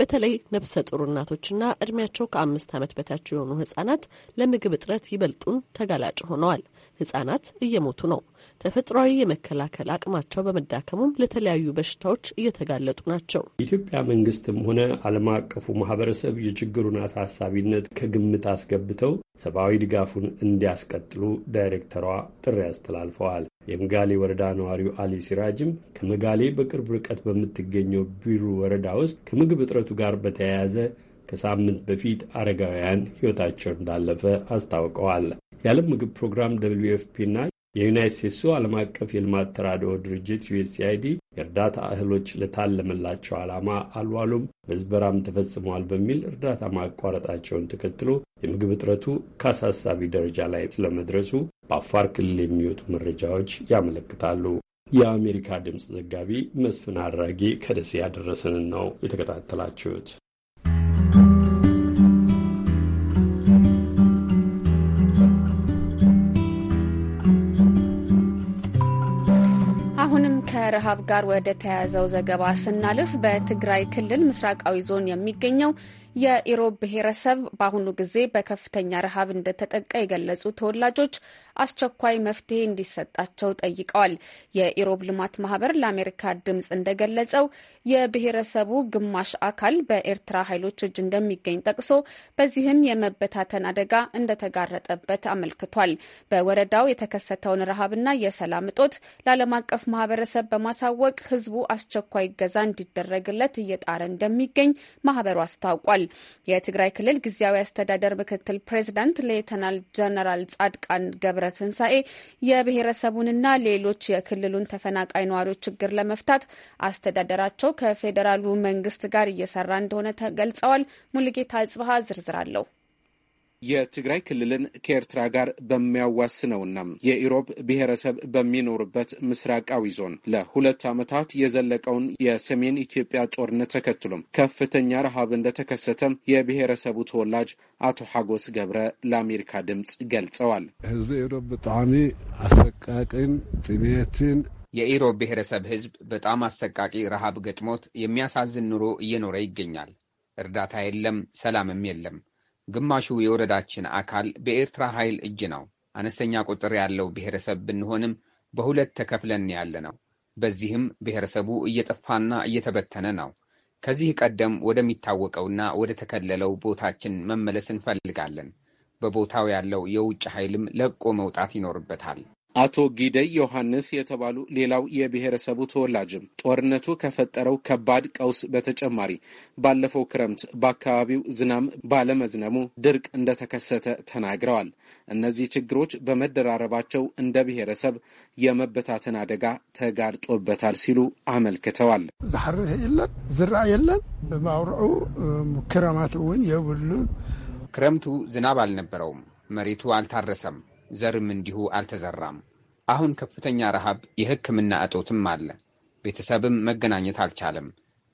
በተለይ ነፍሰ ጡር እናቶችና እድሜያቸው ከአምስት ዓመት በታች የሆኑ ህጻናት ለምግብ እጥረት ይበልጡን ተጋላጭ ሆነዋል። ህጻናት እየሞቱ ነው። ተፈጥሯዊ የመከላከል አቅማቸው በመዳከሙም ለተለያዩ በሽታዎች እየተጋለጡ ናቸው። የኢትዮጵያ መንግስትም ሆነ ዓለም አቀፉ ማህበረሰብ የችግሩን አሳሳቢነት ከግምት አስገብተው ሰብአዊ ድጋፉን እንዲያስቀጥሉ ዳይሬክተሯ ጥሪ አስተላልፈዋል። የመጋሌ ወረዳ ነዋሪው አሊ ሲራጅም ከመጋሌ በቅርብ ርቀት በምትገኘው ቢሩ ወረዳ ውስጥ ከምግብ እጥረቱ ጋር በተያያዘ ከሳምንት በፊት አረጋውያን ሕይወታቸው እንዳለፈ አስታውቀዋል። የዓለም ምግብ ፕሮግራም ደብልዩ ኤፍ ፒ እና የዩናይት ስቴትሱ ዓለም አቀፍ የልማት ተራድኦ ድርጅት ዩኤስኤአይዲ የእርዳታ እህሎች ለታለመላቸው ዓላማ አልዋሉም፣ መዝበራም ተፈጽመዋል በሚል እርዳታ ማቋረጣቸውን ተከትሎ የምግብ እጥረቱ ከአሳሳቢ ደረጃ ላይ ስለመድረሱ በአፋር ክልል የሚወጡ መረጃዎች ያመለክታሉ። የአሜሪካ ድምፅ ዘጋቢ መስፍን አድራጊ ከደሴ ያደረሰንን ነው የተከታተላችሁት። ከረሃብ ጋር ወደ ተያያዘው ዘገባ ስናልፍ በትግራይ ክልል ምስራቃዊ ዞን የሚገኘው የኢሮብ ብሔረሰብ በአሁኑ ጊዜ በከፍተኛ ረሃብ እንደተጠቃ የገለጹ ተወላጆች አስቸኳይ መፍትሄ እንዲሰጣቸው ጠይቀዋል። የኢሮብ ልማት ማህበር ለአሜሪካ ድምፅ እንደገለጸው የብሔረሰቡ ግማሽ አካል በኤርትራ ኃይሎች እጅ እንደሚገኝ ጠቅሶ በዚህም የመበታተን አደጋ እንደተጋረጠበት አመልክቷል። በወረዳው የተከሰተውን ረሃብና የሰላም እጦት ለዓለም አቀፍ ማህበረሰብ በማሳወቅ ህዝቡ አስቸኳይ እገዛ እንዲደረግለት እየጣረ እንደሚገኝ ማህበሩ አስታውቋል። የትግራይ ክልል ጊዜያዊ አስተዳደር ምክትል ፕሬዚዳንት ሌተናል ጀነራል ጻድቃን ገብረ ትንሣኤ የብሔረሰቡንና ሌሎች የክልሉን ተፈናቃይ ነዋሪዎች ችግር ለመፍታት አስተዳደራቸው ከፌዴራሉ መንግስት ጋር እየሰራ እንደሆነ ተገልጸዋል። ሙልጌታ ጽብሃ ዝርዝር አለው። የትግራይ ክልልን ከኤርትራ ጋር በሚያዋስነውና የኢሮብ ብሔረሰብ በሚኖርበት ምስራቃዊ ዞን ለሁለት ዓመታት የዘለቀውን የሰሜን ኢትዮጵያ ጦርነት ተከትሎም ከፍተኛ ረሃብ እንደተከሰተም የብሔረሰቡ ተወላጅ አቶ ሓጎስ ገብረ ለአሜሪካ ድምፅ ገልጸዋል። ህዝቢ ኢሮብ ብጣዕሚ አሰቃቂን ጥሜትን የኢሮብ ብሔረሰብ ህዝብ በጣም አሰቃቂ ረሃብ ገጥሞት የሚያሳዝን ኑሮ እየኖረ ይገኛል። እርዳታ የለም፣ ሰላምም የለም። ግማሹ የወረዳችን አካል በኤርትራ ኃይል እጅ ነው። አነስተኛ ቁጥር ያለው ብሔረሰብ ብንሆንም በሁለት ተከፍለን ያለ ነው። በዚህም ብሔረሰቡ እየጠፋና እየተበተነ ነው። ከዚህ ቀደም ወደሚታወቀውና ወደ ተከለለው ቦታችን መመለስ እንፈልጋለን። በቦታው ያለው የውጭ ኃይልም ለቆ መውጣት ይኖርበታል። አቶ ጊደይ ዮሐንስ የተባሉ ሌላው የብሔረሰቡ ተወላጅም ጦርነቱ ከፈጠረው ከባድ ቀውስ በተጨማሪ ባለፈው ክረምት በአካባቢው ዝናብ ባለመዝነሙ ድርቅ እንደተከሰተ ተናግረዋል። እነዚህ ችግሮች በመደራረባቸው እንደ ብሔረሰብ የመበታተን አደጋ ተጋርጦበታል ሲሉ አመልክተዋል። ዝሐርህ የለን፣ ዝራ የለን፣ ማውርዑ ክረማት እውን የብሉን። ክረምቱ ዝናብ አልነበረውም፣ መሬቱ አልታረሰም። ዘርም እንዲሁ አልተዘራም። አሁን ከፍተኛ ረሃብ፣ የሕክምና እጦትም አለ። ቤተሰብም መገናኘት አልቻለም።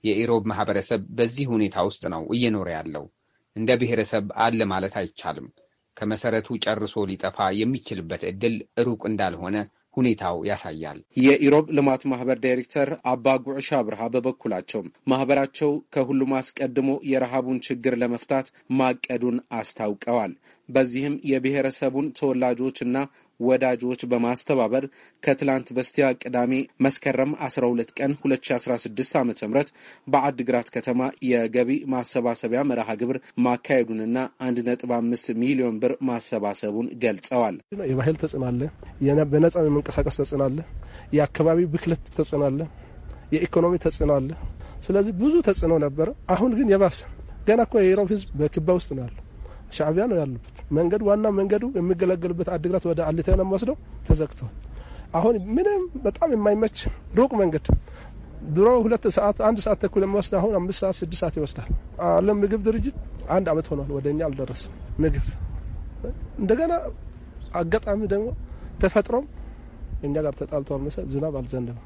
የኢሮብ ማህበረሰብ በዚህ ሁኔታ ውስጥ ነው እየኖረ ያለው። እንደ ብሔረሰብ አለ ማለት አይቻልም። ከመሰረቱ ጨርሶ ሊጠፋ የሚችልበት ዕድል ሩቅ እንዳልሆነ ሁኔታው ያሳያል። የኢሮብ ልማት ማህበር ዳይሬክተር አባ ጉዕሻ ብርሃ በበኩላቸው ማህበራቸው ከሁሉም አስቀድሞ የረሃቡን ችግር ለመፍታት ማቀዱን አስታውቀዋል። በዚህም የብሔረሰቡን ተወላጆችና ወዳጆች በማስተባበር ከትላንት በስቲያ ቅዳሜ መስከረም 12 ቀን 2016 ዓ ም በአድግራት ከተማ የገቢ ማሰባሰቢያ መርሃ ግብር ማካሄዱንና 1.5 ሚሊዮን ብር ማሰባሰቡን ገልጸዋል። የባህል ተጽዕኖ አለ፣ በነጻ የመንቀሳቀስ ተጽዕኖ አለ፣ የአካባቢ ብክለት ተጽዕኖ አለ፣ የኢኮኖሚ ተጽዕኖ አለ። ስለዚህ ብዙ ተጽዕኖ ነበር። አሁን ግን የባሰ ገና እኮ የኢሮብ ህዝብ በክባ ውስጥ ነው ያለው ሻዕቢያ ነው ያሉበት። መንገድ ዋና መንገዱ የሚገለገልበት አድግራት ወደ አሊተ ነው የሚወስደው ተዘግቷል። አሁን ምንም በጣም የማይመች ሩቅ መንገድ ድሮ ሁለት ሰዓት አንድ ሰዓት ተኩል የሚወስድ አሁን አምስት ሰዓት ስድስት ሰዓት ይወስዳል። ዓለም ምግብ ድርጅት አንድ አመት ሆኗል፣ ወደ እኛ አልደረስም ምግብ። እንደገና አጋጣሚ ደግሞ ተፈጥሮም እኛ ጋር ተጣልተዋል መሰል ዝናብ አልዘነበም።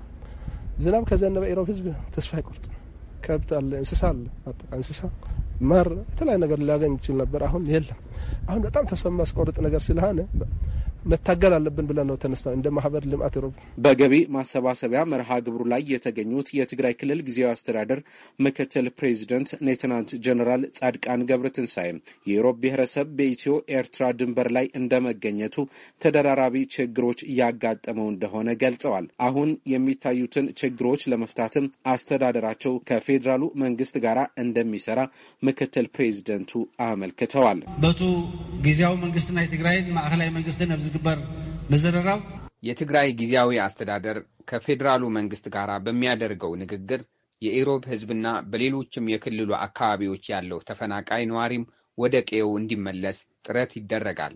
ዝናብ ከዘነበ ኢሮብ ህዝብ ተስፋ አይቆርጥም። ከብት አለ፣ እንስሳ አለ፣ እንስሳ ማር የተለያዩ ነገር ሊያገኝ ይችል ነበር። አሁን የለም። አሁን በጣም ተስፋ የሚያስቆርጥ ነገር ስለሆነ መታገል አለብን ብለን ነው ተነስታ እንደ ማህበር ልማት ሮብ በገቢ ማሰባሰቢያ መርሃ ግብሩ ላይ የተገኙት የትግራይ ክልል ጊዜያዊ አስተዳደር ምክትል ፕሬዚደንት ሌትናንት ጀነራል ጻድቃን ገብረ ትንሳኤም የኢሮብ ብሔረሰብ በኢትዮ ኤርትራ ድንበር ላይ እንደመገኘቱ ተደራራቢ ችግሮች እያጋጠመው እንደሆነ ገልጸዋል። አሁን የሚታዩትን ችግሮች ለመፍታትም አስተዳደራቸው ከፌዴራሉ መንግስት ጋር እንደሚሰራ ምክትል ፕሬዚደንቱ አመልክተዋል። በቱ ጊዜያዊ መንግስትና የትግራይን ማዕከላዊ መንግስትን ግንባር መዘረራው የትግራይ ጊዜያዊ አስተዳደር ከፌዴራሉ መንግስት ጋር በሚያደርገው ንግግር የኢሮብ ህዝብና በሌሎችም የክልሉ አካባቢዎች ያለው ተፈናቃይ ነዋሪም ወደ ቀየው እንዲመለስ ጥረት ይደረጋል።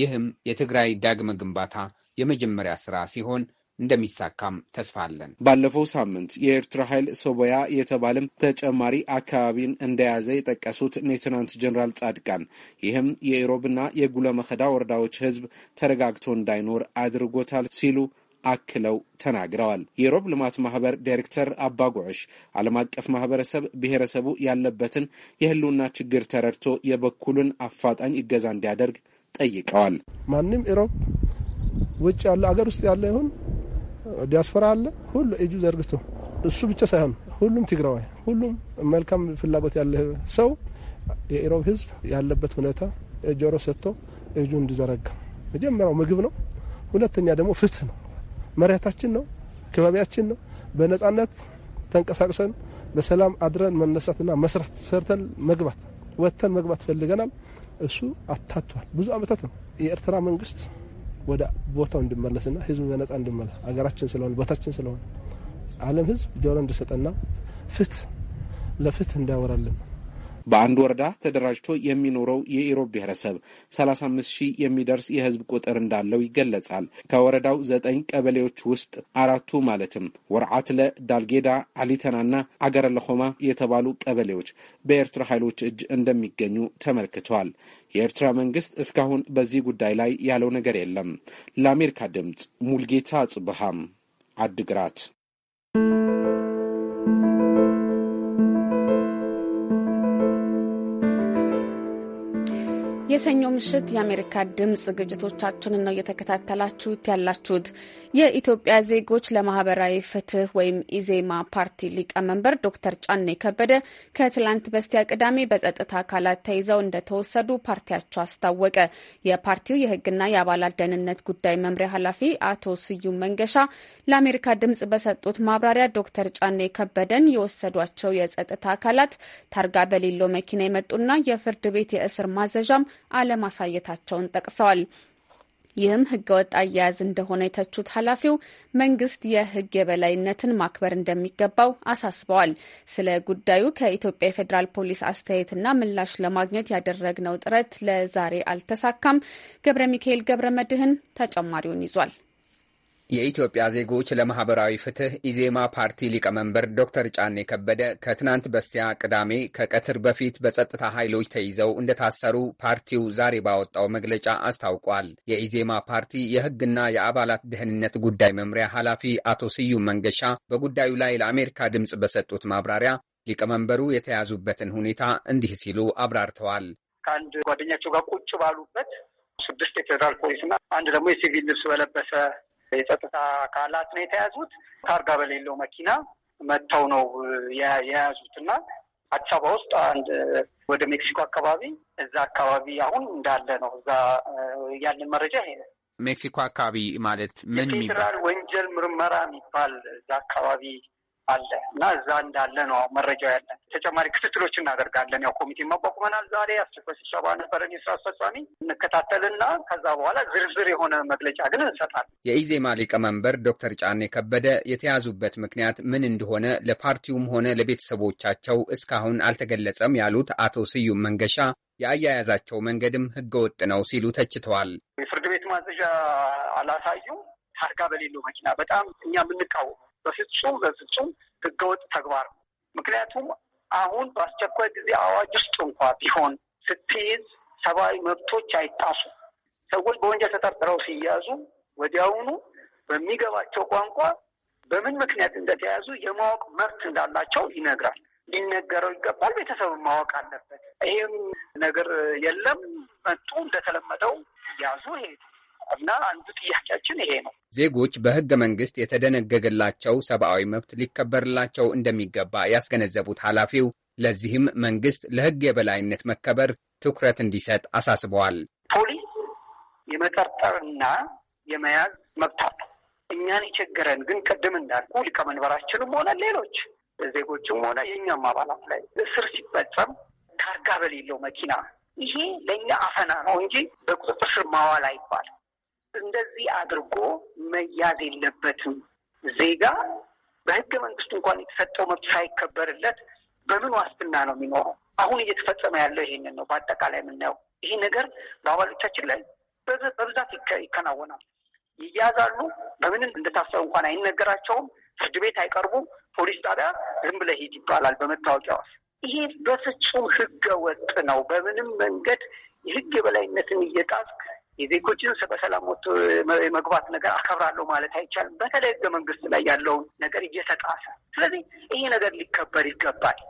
ይህም የትግራይ ዳግመ ግንባታ የመጀመሪያ ስራ ሲሆን እንደሚሳካም ተስፋ አለን። ባለፈው ሳምንት የኤርትራ ኃይል ሶቦያ የተባለም ተጨማሪ አካባቢን እንደያዘ የጠቀሱት ሌትናንት ጀኔራል ጻድቃን ይህም የኢሮብና የጉለ መኸዳ ወረዳዎች ህዝብ ተረጋግቶ እንዳይኖር አድርጎታል ሲሉ አክለው ተናግረዋል። የሮብ ልማት ማህበር ዳይሬክተር ጉዕሽ ዓለም አቀፍ ማህበረሰብ ብሔረሰቡ ያለበትን የህልውና ችግር ተረድቶ የበኩሉን አፋጣኝ እገዛ እንዲያደርግ ጠይቀዋል። ማንም ኢሮብ ውጭ ያለ አገር ውስጥ ያለ ይሁን ዲያስፖራ አለ ሁሉ እጁ ዘርግቶ እሱ ብቻ ሳይሆን ሁሉም ትግራዋይ ሁሉም መልካም ፍላጎት ያለ ሰው የኢሮብ ህዝብ ያለበት ሁኔታ ጆሮ ሰጥቶ እጁ እንዲዘረጋ መጀመሪያው ምግብ ነው። ሁለተኛ ደግሞ ፍትህ ነው። መሬታችን ነው፣ ክበቢያችን ነው። በነጻነት ተንቀሳቅሰን በሰላም አድረን መነሳትና መስራት ሰርተን መግባት ወጥተን መግባት ፈልገናል። እሱ አታቷል። ብዙ አመታት ነው የኤርትራ መንግስት ወደ ቦታው እንድመለስና ህዝቡ በነጻ እንድመለስ አገራችን ስለሆነ ቦታችን ስለሆነ ዓለም ህዝብ ጆሮ እንድሰጠና ፍትህ ለፍትህ እንዳወራለን በአንድ ወረዳ ተደራጅቶ የሚኖረው የኢሮብ ብሔረሰብ 35 ሺህ የሚደርስ የህዝብ ቁጥር እንዳለው ይገለጻል። ከወረዳው ዘጠኝ ቀበሌዎች ውስጥ አራቱ ማለትም ወርዓትለ፣ ዳልጌዳ፣ አሊተናና አገረ ለኾማ የተባሉ ቀበሌዎች በኤርትራ ኃይሎች እጅ እንደሚገኙ ተመልክተዋል። የኤርትራ መንግስት እስካሁን በዚህ ጉዳይ ላይ ያለው ነገር የለም። ለአሜሪካ ድምፅ ሙልጌታ ጽብሃም አድግራት የሰኞ ምሽት የአሜሪካ ድምፅ ዝግጅቶቻችንን ነው እየተከታተላችሁት ያላችሁት። የኢትዮጵያ ዜጎች ለማህበራዊ ፍትህ ወይም ኢዜማ ፓርቲ ሊቀመንበር ዶክተር ጫኔ ከበደ ከትላንት በስቲያ ቅዳሜ በጸጥታ አካላት ተይዘው እንደተወሰዱ ፓርቲያቸው አስታወቀ። የፓርቲው የህግና የአባላት ደህንነት ጉዳይ መምሪያ ኃላፊ አቶ ስዩም መንገሻ ለአሜሪካ ድምፅ በሰጡት ማብራሪያ ዶክተር ጫኔ ከበደን የወሰዷቸው የጸጥታ አካላት ታርጋ በሌለው መኪና የመጡና የፍርድ ቤት የእስር ማዘዣም አለማሳየታቸውን ጠቅሰዋል። ይህም ህገወጥ አያያዝ እንደሆነ የተቹት ኃላፊው መንግስት የህግ የበላይነትን ማክበር እንደሚገባው አሳስበዋል። ስለ ጉዳዩ ከኢትዮጵያ የፌዴራል ፖሊስ አስተያየትና ምላሽ ለማግኘት ያደረግነው ጥረት ለዛሬ አልተሳካም። ገብረ ሚካኤል ገብረ መድህን ተጨማሪውን ይዟል። የኢትዮጵያ ዜጎች ለማህበራዊ ፍትህ ኢዜማ ፓርቲ ሊቀመንበር ዶክተር ጫኔ ከበደ ከትናንት በስቲያ ቅዳሜ ከቀትር በፊት በጸጥታ ኃይሎች ተይዘው እንደታሰሩ ፓርቲው ዛሬ ባወጣው መግለጫ አስታውቋል። የኢዜማ ፓርቲ የህግና የአባላት ደህንነት ጉዳይ መምሪያ ኃላፊ አቶ ስዩም መንገሻ በጉዳዩ ላይ ለአሜሪካ ድምፅ በሰጡት ማብራሪያ ሊቀመንበሩ የተያዙበትን ሁኔታ እንዲህ ሲሉ አብራርተዋል። ከአንድ ጓደኛቸው ጋር ቁጭ ባሉበት ስድስት የፌዴራል ፖሊስና አንድ ደግሞ የሲቪል ልብስ በለበሰ የጸጥታ አካላት ነው የተያዙት። ታርጋ በሌለው መኪና መጥተው ነው የያዙት እና አዲስ አበባ ውስጥ አንድ ወደ ሜክሲኮ አካባቢ እዛ አካባቢ አሁን እንዳለ ነው። እዛ ያለን መረጃ ይሄ ሜክሲኮ አካባቢ ማለት ምን ፌዴራል ወንጀል ምርመራ የሚባል እዛ አካባቢ አለ እና እዛ እንዳለ ነው መረጃው ያለን። ተጨማሪ ክትትሎች እናደርጋለን። ያው ኮሚቴ መቋቁመናል። ዛሬ አስቸኳይ ስብሰባ ነበረን የስራ አስፈጻሚ እንከታተልና ከዛ በኋላ ዝርዝር የሆነ መግለጫ ግን እንሰጣለን። የኢዜማ ሊቀመንበር ዶክተር ጫኔ ከበደ የተያዙበት ምክንያት ምን እንደሆነ ለፓርቲውም ሆነ ለቤተሰቦቻቸው እስካሁን አልተገለጸም ያሉት አቶ ስዩም መንገሻ የአያያዛቸው መንገድም ህገወጥ ነው ሲሉ ተችተዋል። የፍርድ ቤት ማዘዣ አላሳዩም። ታርጋ በሌለው መኪና በጣም እኛ የምንቃወሙ በፍጹም በፍጹም ህገወጥ ተግባር ነው። ምክንያቱም አሁን በአስቸኳይ ጊዜ አዋጅ ውስጥ እንኳ ቢሆን ስትይዝ ሰብአዊ መብቶች አይጣሱም። ሰዎች በወንጀል ተጠርጥረው ሲያዙ ወዲያውኑ በሚገባቸው ቋንቋ በምን ምክንያት እንደተያዙ የማወቅ መብት እንዳላቸው ይነግራል። ሊነገረው ይገባል። ቤተሰብ ማወቅ አለበት። ይህም ነገር የለም መጡ እንደተለመደው ያዙ ይሄዱ። እና አንዱ ጥያቄያችን ይሄ ነው። ዜጎች በህገ መንግስት የተደነገገላቸው ሰብአዊ መብት ሊከበርላቸው እንደሚገባ ያስገነዘቡት ኃላፊው፣ ለዚህም መንግስት ለህግ የበላይነት መከበር ትኩረት እንዲሰጥ አሳስበዋል። ፖሊስ የመጠርጠርና የመያዝ መብት አለው። እኛን የቸገረን ግን ቅድም እንዳልኩ ሊቀመንበራችንም ሆነ ሌሎች ዜጎችም ሆነ የእኛም አባላት ላይ እስር ሲፈጸም ታርጋ በሌለው መኪና ይሄ ለእኛ አፈና ነው እንጂ በቁጥጥር ስር ማዋል አይባልም። እንደዚህ አድርጎ መያዝ የለበትም። ዜጋ በህገ መንግስቱ እንኳን የተሰጠው መብት ሳይከበርለት በምን ዋስትና ነው የሚኖረው? አሁን እየተፈጸመ ያለው ይሄንን ነው። በአጠቃላይ የምናየው ይሄ ነገር በአባሎቻችን ላይ በብዛት ይከናወናል። ይያዛሉ። በምንም እንደታሰሩ እንኳን አይነገራቸውም። ፍርድ ቤት አይቀርቡም። ፖሊስ ጣቢያ ዝም ብለህ ሂድ ይባላል በመታወቂያ። ይሄ በፍጹም ህገ ወጥ ነው። በምንም መንገድ የህግ የበላይነትን እየጣስክ የዜጎችን በሰላም ወጥቶ የመግባት ነገር አከብራለሁ ማለት አይቻልም። በተለይ ህገ መንግስት ላይ ያለውን ነገር እየተጣሰ ስለዚህ ይሄ ነገር ሊከበር ይገባል።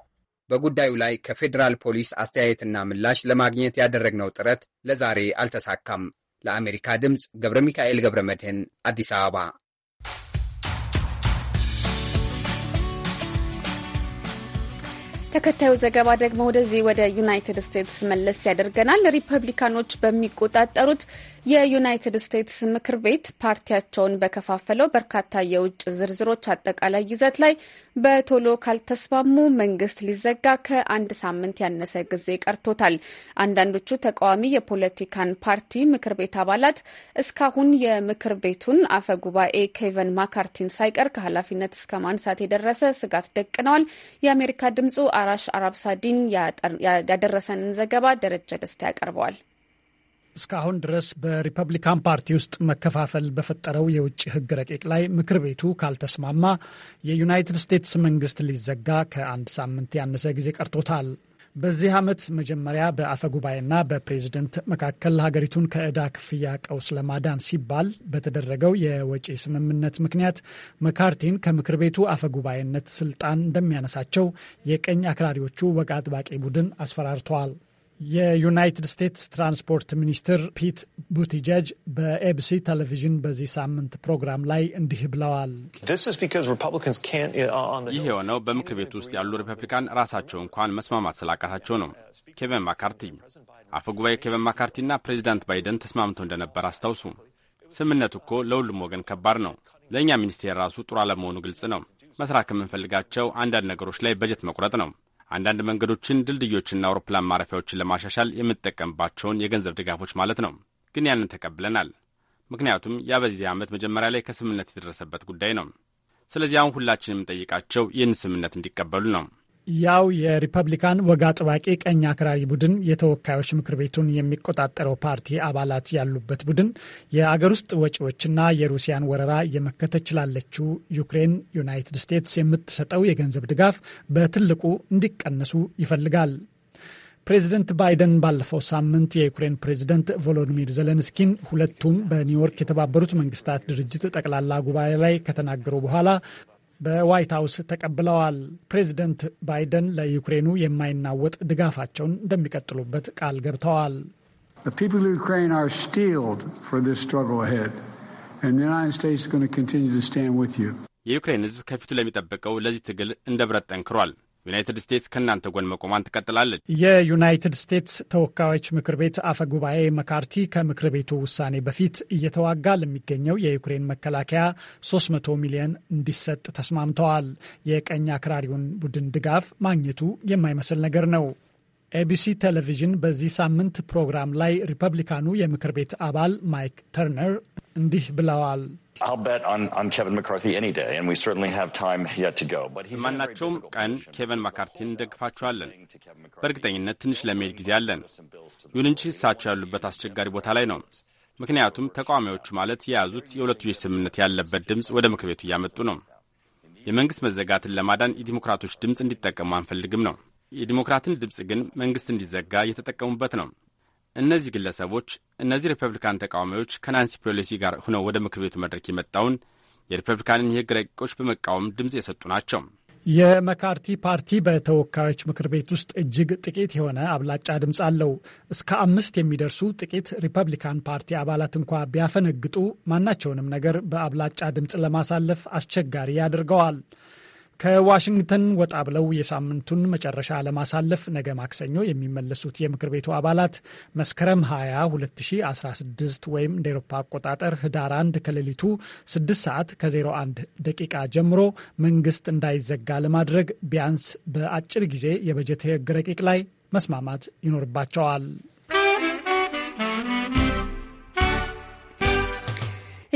በጉዳዩ ላይ ከፌዴራል ፖሊስ አስተያየትና ምላሽ ለማግኘት ያደረግነው ጥረት ለዛሬ አልተሳካም። ለአሜሪካ ድምፅ ገብረ ሚካኤል ገብረ መድህን አዲስ አበባ ተከታዩ ዘገባ ደግሞ ወደዚህ ወደ ዩናይትድ ስቴትስ መለስ ያደርገናል። ሪፐብሊካኖች በሚቆጣጠሩት የዩናይትድ ስቴትስ ምክር ቤት ፓርቲያቸውን በከፋፈለው በርካታ የውጭ ዝርዝሮች አጠቃላይ ይዘት ላይ በቶሎ ካልተስማሙ መንግስት ሊዘጋ ከአንድ ሳምንት ያነሰ ጊዜ ቀርቶታል። አንዳንዶቹ ተቃዋሚ የፖለቲካን ፓርቲ ምክር ቤት አባላት እስካሁን የምክር ቤቱን አፈ ጉባኤ ኬቨን ማካርቲን ሳይቀር ከኃላፊነት እስከ ማንሳት የደረሰ ስጋት ደቅነዋል። የአሜሪካ ድምጽ ። አራሽ አራብሳዲን ያደረሰንን ዘገባ ደረጃ ደስታ ያቀርበዋል። እስካሁን ድረስ በሪፐብሊካን ፓርቲ ውስጥ መከፋፈል በፈጠረው የውጭ ሕግ ረቂቅ ላይ ምክር ቤቱ ካልተስማማ የዩናይትድ ስቴትስ መንግስት ሊዘጋ ከአንድ ሳምንት ያነሰ ጊዜ ቀርቶታል። በዚህ ዓመት መጀመሪያ በአፈ ጉባኤና በፕሬዝደንት መካከል ሀገሪቱን ከዕዳ ክፍያ ቀውስ ለማዳን ሲባል በተደረገው የወጪ ስምምነት ምክንያት መካርቲን ከምክር ቤቱ አፈጉባኤነት ስልጣን እንደሚያነሳቸው የቀኝ አክራሪዎቹ ወግ አጥባቂ ቡድን አስፈራርተዋል። የዩናይትድ ስቴትስ ትራንስፖርት ሚኒስትር ፒት ቡቲጀጅ በኤቢሲ ቴሌቪዥን በዚህ ሳምንት ፕሮግራም ላይ እንዲህ ብለዋል። uh, ይህ የሆነው በምክር ቤት ውስጥ ያሉ ሪፐብሊካን ራሳቸው እንኳን መስማማት ስላቃታቸው ነው። ኬቨን ማካርቲ አፈ ጉባኤ ኬቨን ማካርቲና ፕሬዚዳንት ባይደን ተስማምተው እንደነበር አስታውሱ። ስምነት እኮ ለሁሉም ወገን ከባድ ነው። ለእኛ ሚኒስቴር ራሱ ጥሩ አለመሆኑ ግልጽ ነው። መስራት ከምንፈልጋቸው አንዳንድ ነገሮች ላይ በጀት መቁረጥ ነው። አንዳንድ መንገዶችን፣ ድልድዮችና አውሮፕላን ማረፊያዎችን ለማሻሻል የምንጠቀምባቸውን የገንዘብ ድጋፎች ማለት ነው። ግን ያንን ተቀብለናል። ምክንያቱም ያ በዚህ ዓመት መጀመሪያ ላይ ከስምምነት የተደረሰበት ጉዳይ ነው። ስለዚህ አሁን ሁላችን የምንጠይቃቸው ይህን ስምምነት እንዲቀበሉ ነው። ያው የሪፐብሊካን ወግ አጥባቂ ቀኝ አክራሪ ቡድን የተወካዮች ምክር ቤቱን የሚቆጣጠረው ፓርቲ አባላት ያሉበት ቡድን የአገር ውስጥ ወጪዎችና የሩሲያን ወረራ እየመከተች ላለችው ዩክሬን ዩናይትድ ስቴትስ የምትሰጠው የገንዘብ ድጋፍ በትልቁ እንዲቀነሱ ይፈልጋል። ፕሬዚደንት ባይደን ባለፈው ሳምንት የዩክሬን ፕሬዚደንት ቮሎዲሚር ዘለንስኪን ሁለቱም በኒውዮርክ የተባበሩት መንግስታት ድርጅት ጠቅላላ ጉባኤ ላይ ከተናገሩ በኋላ በዋይት ሀውስ ተቀብለዋል። ፕሬዚደንት ባይደን ለዩክሬኑ የማይናወጥ ድጋፋቸውን እንደሚቀጥሉበት ቃል ገብተዋል። የዩክሬን ሕዝብ ከፊቱ ለሚጠብቀው ለዚህ ትግል እንደ ብረት ጠንክሯል። ዩናይትድ ስቴትስ ከእናንተ ጎን መቆሟን ትቀጥላለች። የዩናይትድ ስቴትስ ተወካዮች ምክር ቤት አፈ ጉባኤ መካርቲ ከምክር ቤቱ ውሳኔ በፊት እየተዋጋ ለሚገኘው የዩክሬን መከላከያ 300 ሚሊዮን እንዲሰጥ ተስማምተዋል። የቀኝ አክራሪውን ቡድን ድጋፍ ማግኘቱ የማይመስል ነገር ነው። ኤቢሲ ቴሌቪዥን በዚህ ሳምንት ፕሮግራም ላይ ሪፐብሊካኑ የምክር ቤት አባል ማይክ ተርነር እንዲህ ብለዋል። በማናቸውም ቀን ኬቨን ማካርቲን እንደግፋቸዋለን። በእርግጠኝነት ትንሽ ለመሄድ ጊዜ አለን። ይሁን እንጂ እሳቸው ያሉበት አስቸጋሪ ቦታ ላይ ነው። ምክንያቱም ተቃዋሚዎቹ ማለት የያዙት የሁለትዮሽ ስምምነት ያለበት ድምፅ ወደ ምክር ቤቱ እያመጡ ነው። የመንግሥት መዘጋትን ለማዳን የዲሞክራቶች ድምፅ እንዲጠቀሙ አንፈልግም ነው። የዲሞክራትን ድምፅ ግን መንግሥት እንዲዘጋ እየተጠቀሙበት ነው። እነዚህ ግለሰቦች እነዚህ ሪፐብሊካን ተቃዋሚዎች ከናንሲ ፔሎሲ ጋር ሆነው ወደ ምክር ቤቱ መድረክ የመጣውን የሪፐብሊካንን የህግ ረቂቆች በመቃወም ድምፅ የሰጡ ናቸው። የመካርቲ ፓርቲ በተወካዮች ምክር ቤት ውስጥ እጅግ ጥቂት የሆነ አብላጫ ድምፅ አለው። እስከ አምስት የሚደርሱ ጥቂት ሪፐብሊካን ፓርቲ አባላት እንኳ ቢያፈነግጡ ማናቸውንም ነገር በአብላጫ ድምፅ ለማሳለፍ አስቸጋሪ ያደርገዋል። ከዋሽንግተን ወጣ ብለው የሳምንቱን መጨረሻ ለማሳለፍ ነገ ማክሰኞ የሚመለሱት የምክር ቤቱ አባላት መስከረም 20 2016 ወይም እንደ ኤሮፓ አቆጣጠር ህዳር 1 ከሌሊቱ 6 ሰዓት ከ01 ደቂቃ ጀምሮ መንግስት እንዳይዘጋ ለማድረግ ቢያንስ በአጭር ጊዜ የበጀት ህግ ረቂቅ ላይ መስማማት ይኖርባቸዋል።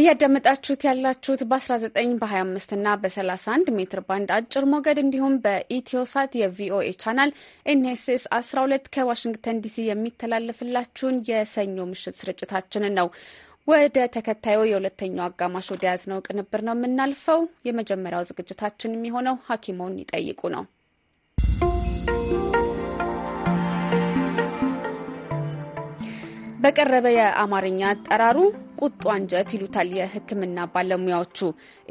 እያዳመጣችሁት ያላችሁት በ19 በ25 እና በ31 ሜትር ባንድ አጭር ሞገድ እንዲሁም በኢትዮሳት የቪኦኤ ቻናል ኤንኤስኤስ 12 ከዋሽንግተን ዲሲ የሚተላለፍላችሁን የሰኞ ምሽት ስርጭታችንን ነው። ወደ ተከታዩ የሁለተኛው አጋማሽ ወደ ቅንብር ነው የምናልፈው። የመጀመሪያው ዝግጅታችን የሚሆነው ሐኪሞን ይጠይቁ ነው። በቀረበ የአማርኛ አጠራሩ ቁጡ አንጀት ይሉታል የሕክምና ባለሙያዎቹ።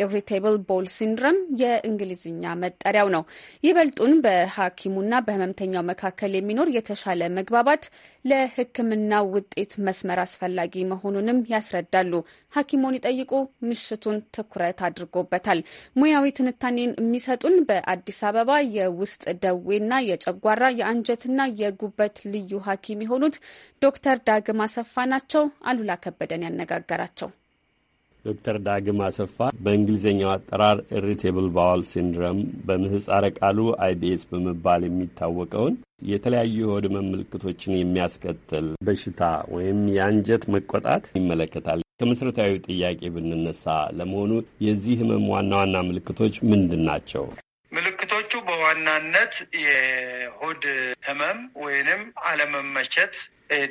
ኢሪቴብል ቦል ሲንድረም የእንግሊዝኛ መጠሪያው ነው። ይበልጡን በሐኪሙና በህመምተኛው መካከል የሚኖር የተሻለ መግባባት ለሕክምና ውጤት መስመር አስፈላጊ መሆኑንም ያስረዳሉ። ሐኪሙን ይጠይቁ ምሽቱን ትኩረት አድርጎበታል። ሙያዊ ትንታኔን የሚሰጡን በአዲስ አበባ የውስጥ ደዌና የጨጓራ የአንጀትና የጉበት ልዩ ሐኪም የሆኑት ዶክተር ዳግማ አሰፋ ናቸው። አሉላ ከበደን ያነጋገራቸው ዶክተር ዳግም አሰፋ በእንግሊዝኛው አጠራር ኢሪቴብል ባዋል ሲንድረም በምህፃረ ቃሉ አይቢኤስ በመባል የሚታወቀውን የተለያዩ የሆድ ህመም ምልክቶችን የሚያስከትል በሽታ ወይም የአንጀት መቆጣት ይመለከታል። ከመሠረታዊ ጥያቄ ብንነሳ ለመሆኑ የዚህ ህመም ዋና ዋና ምልክቶች ምንድን ናቸው? ምልክቶቹ በዋናነት የሆድ ህመም ወይንም አለመመቸት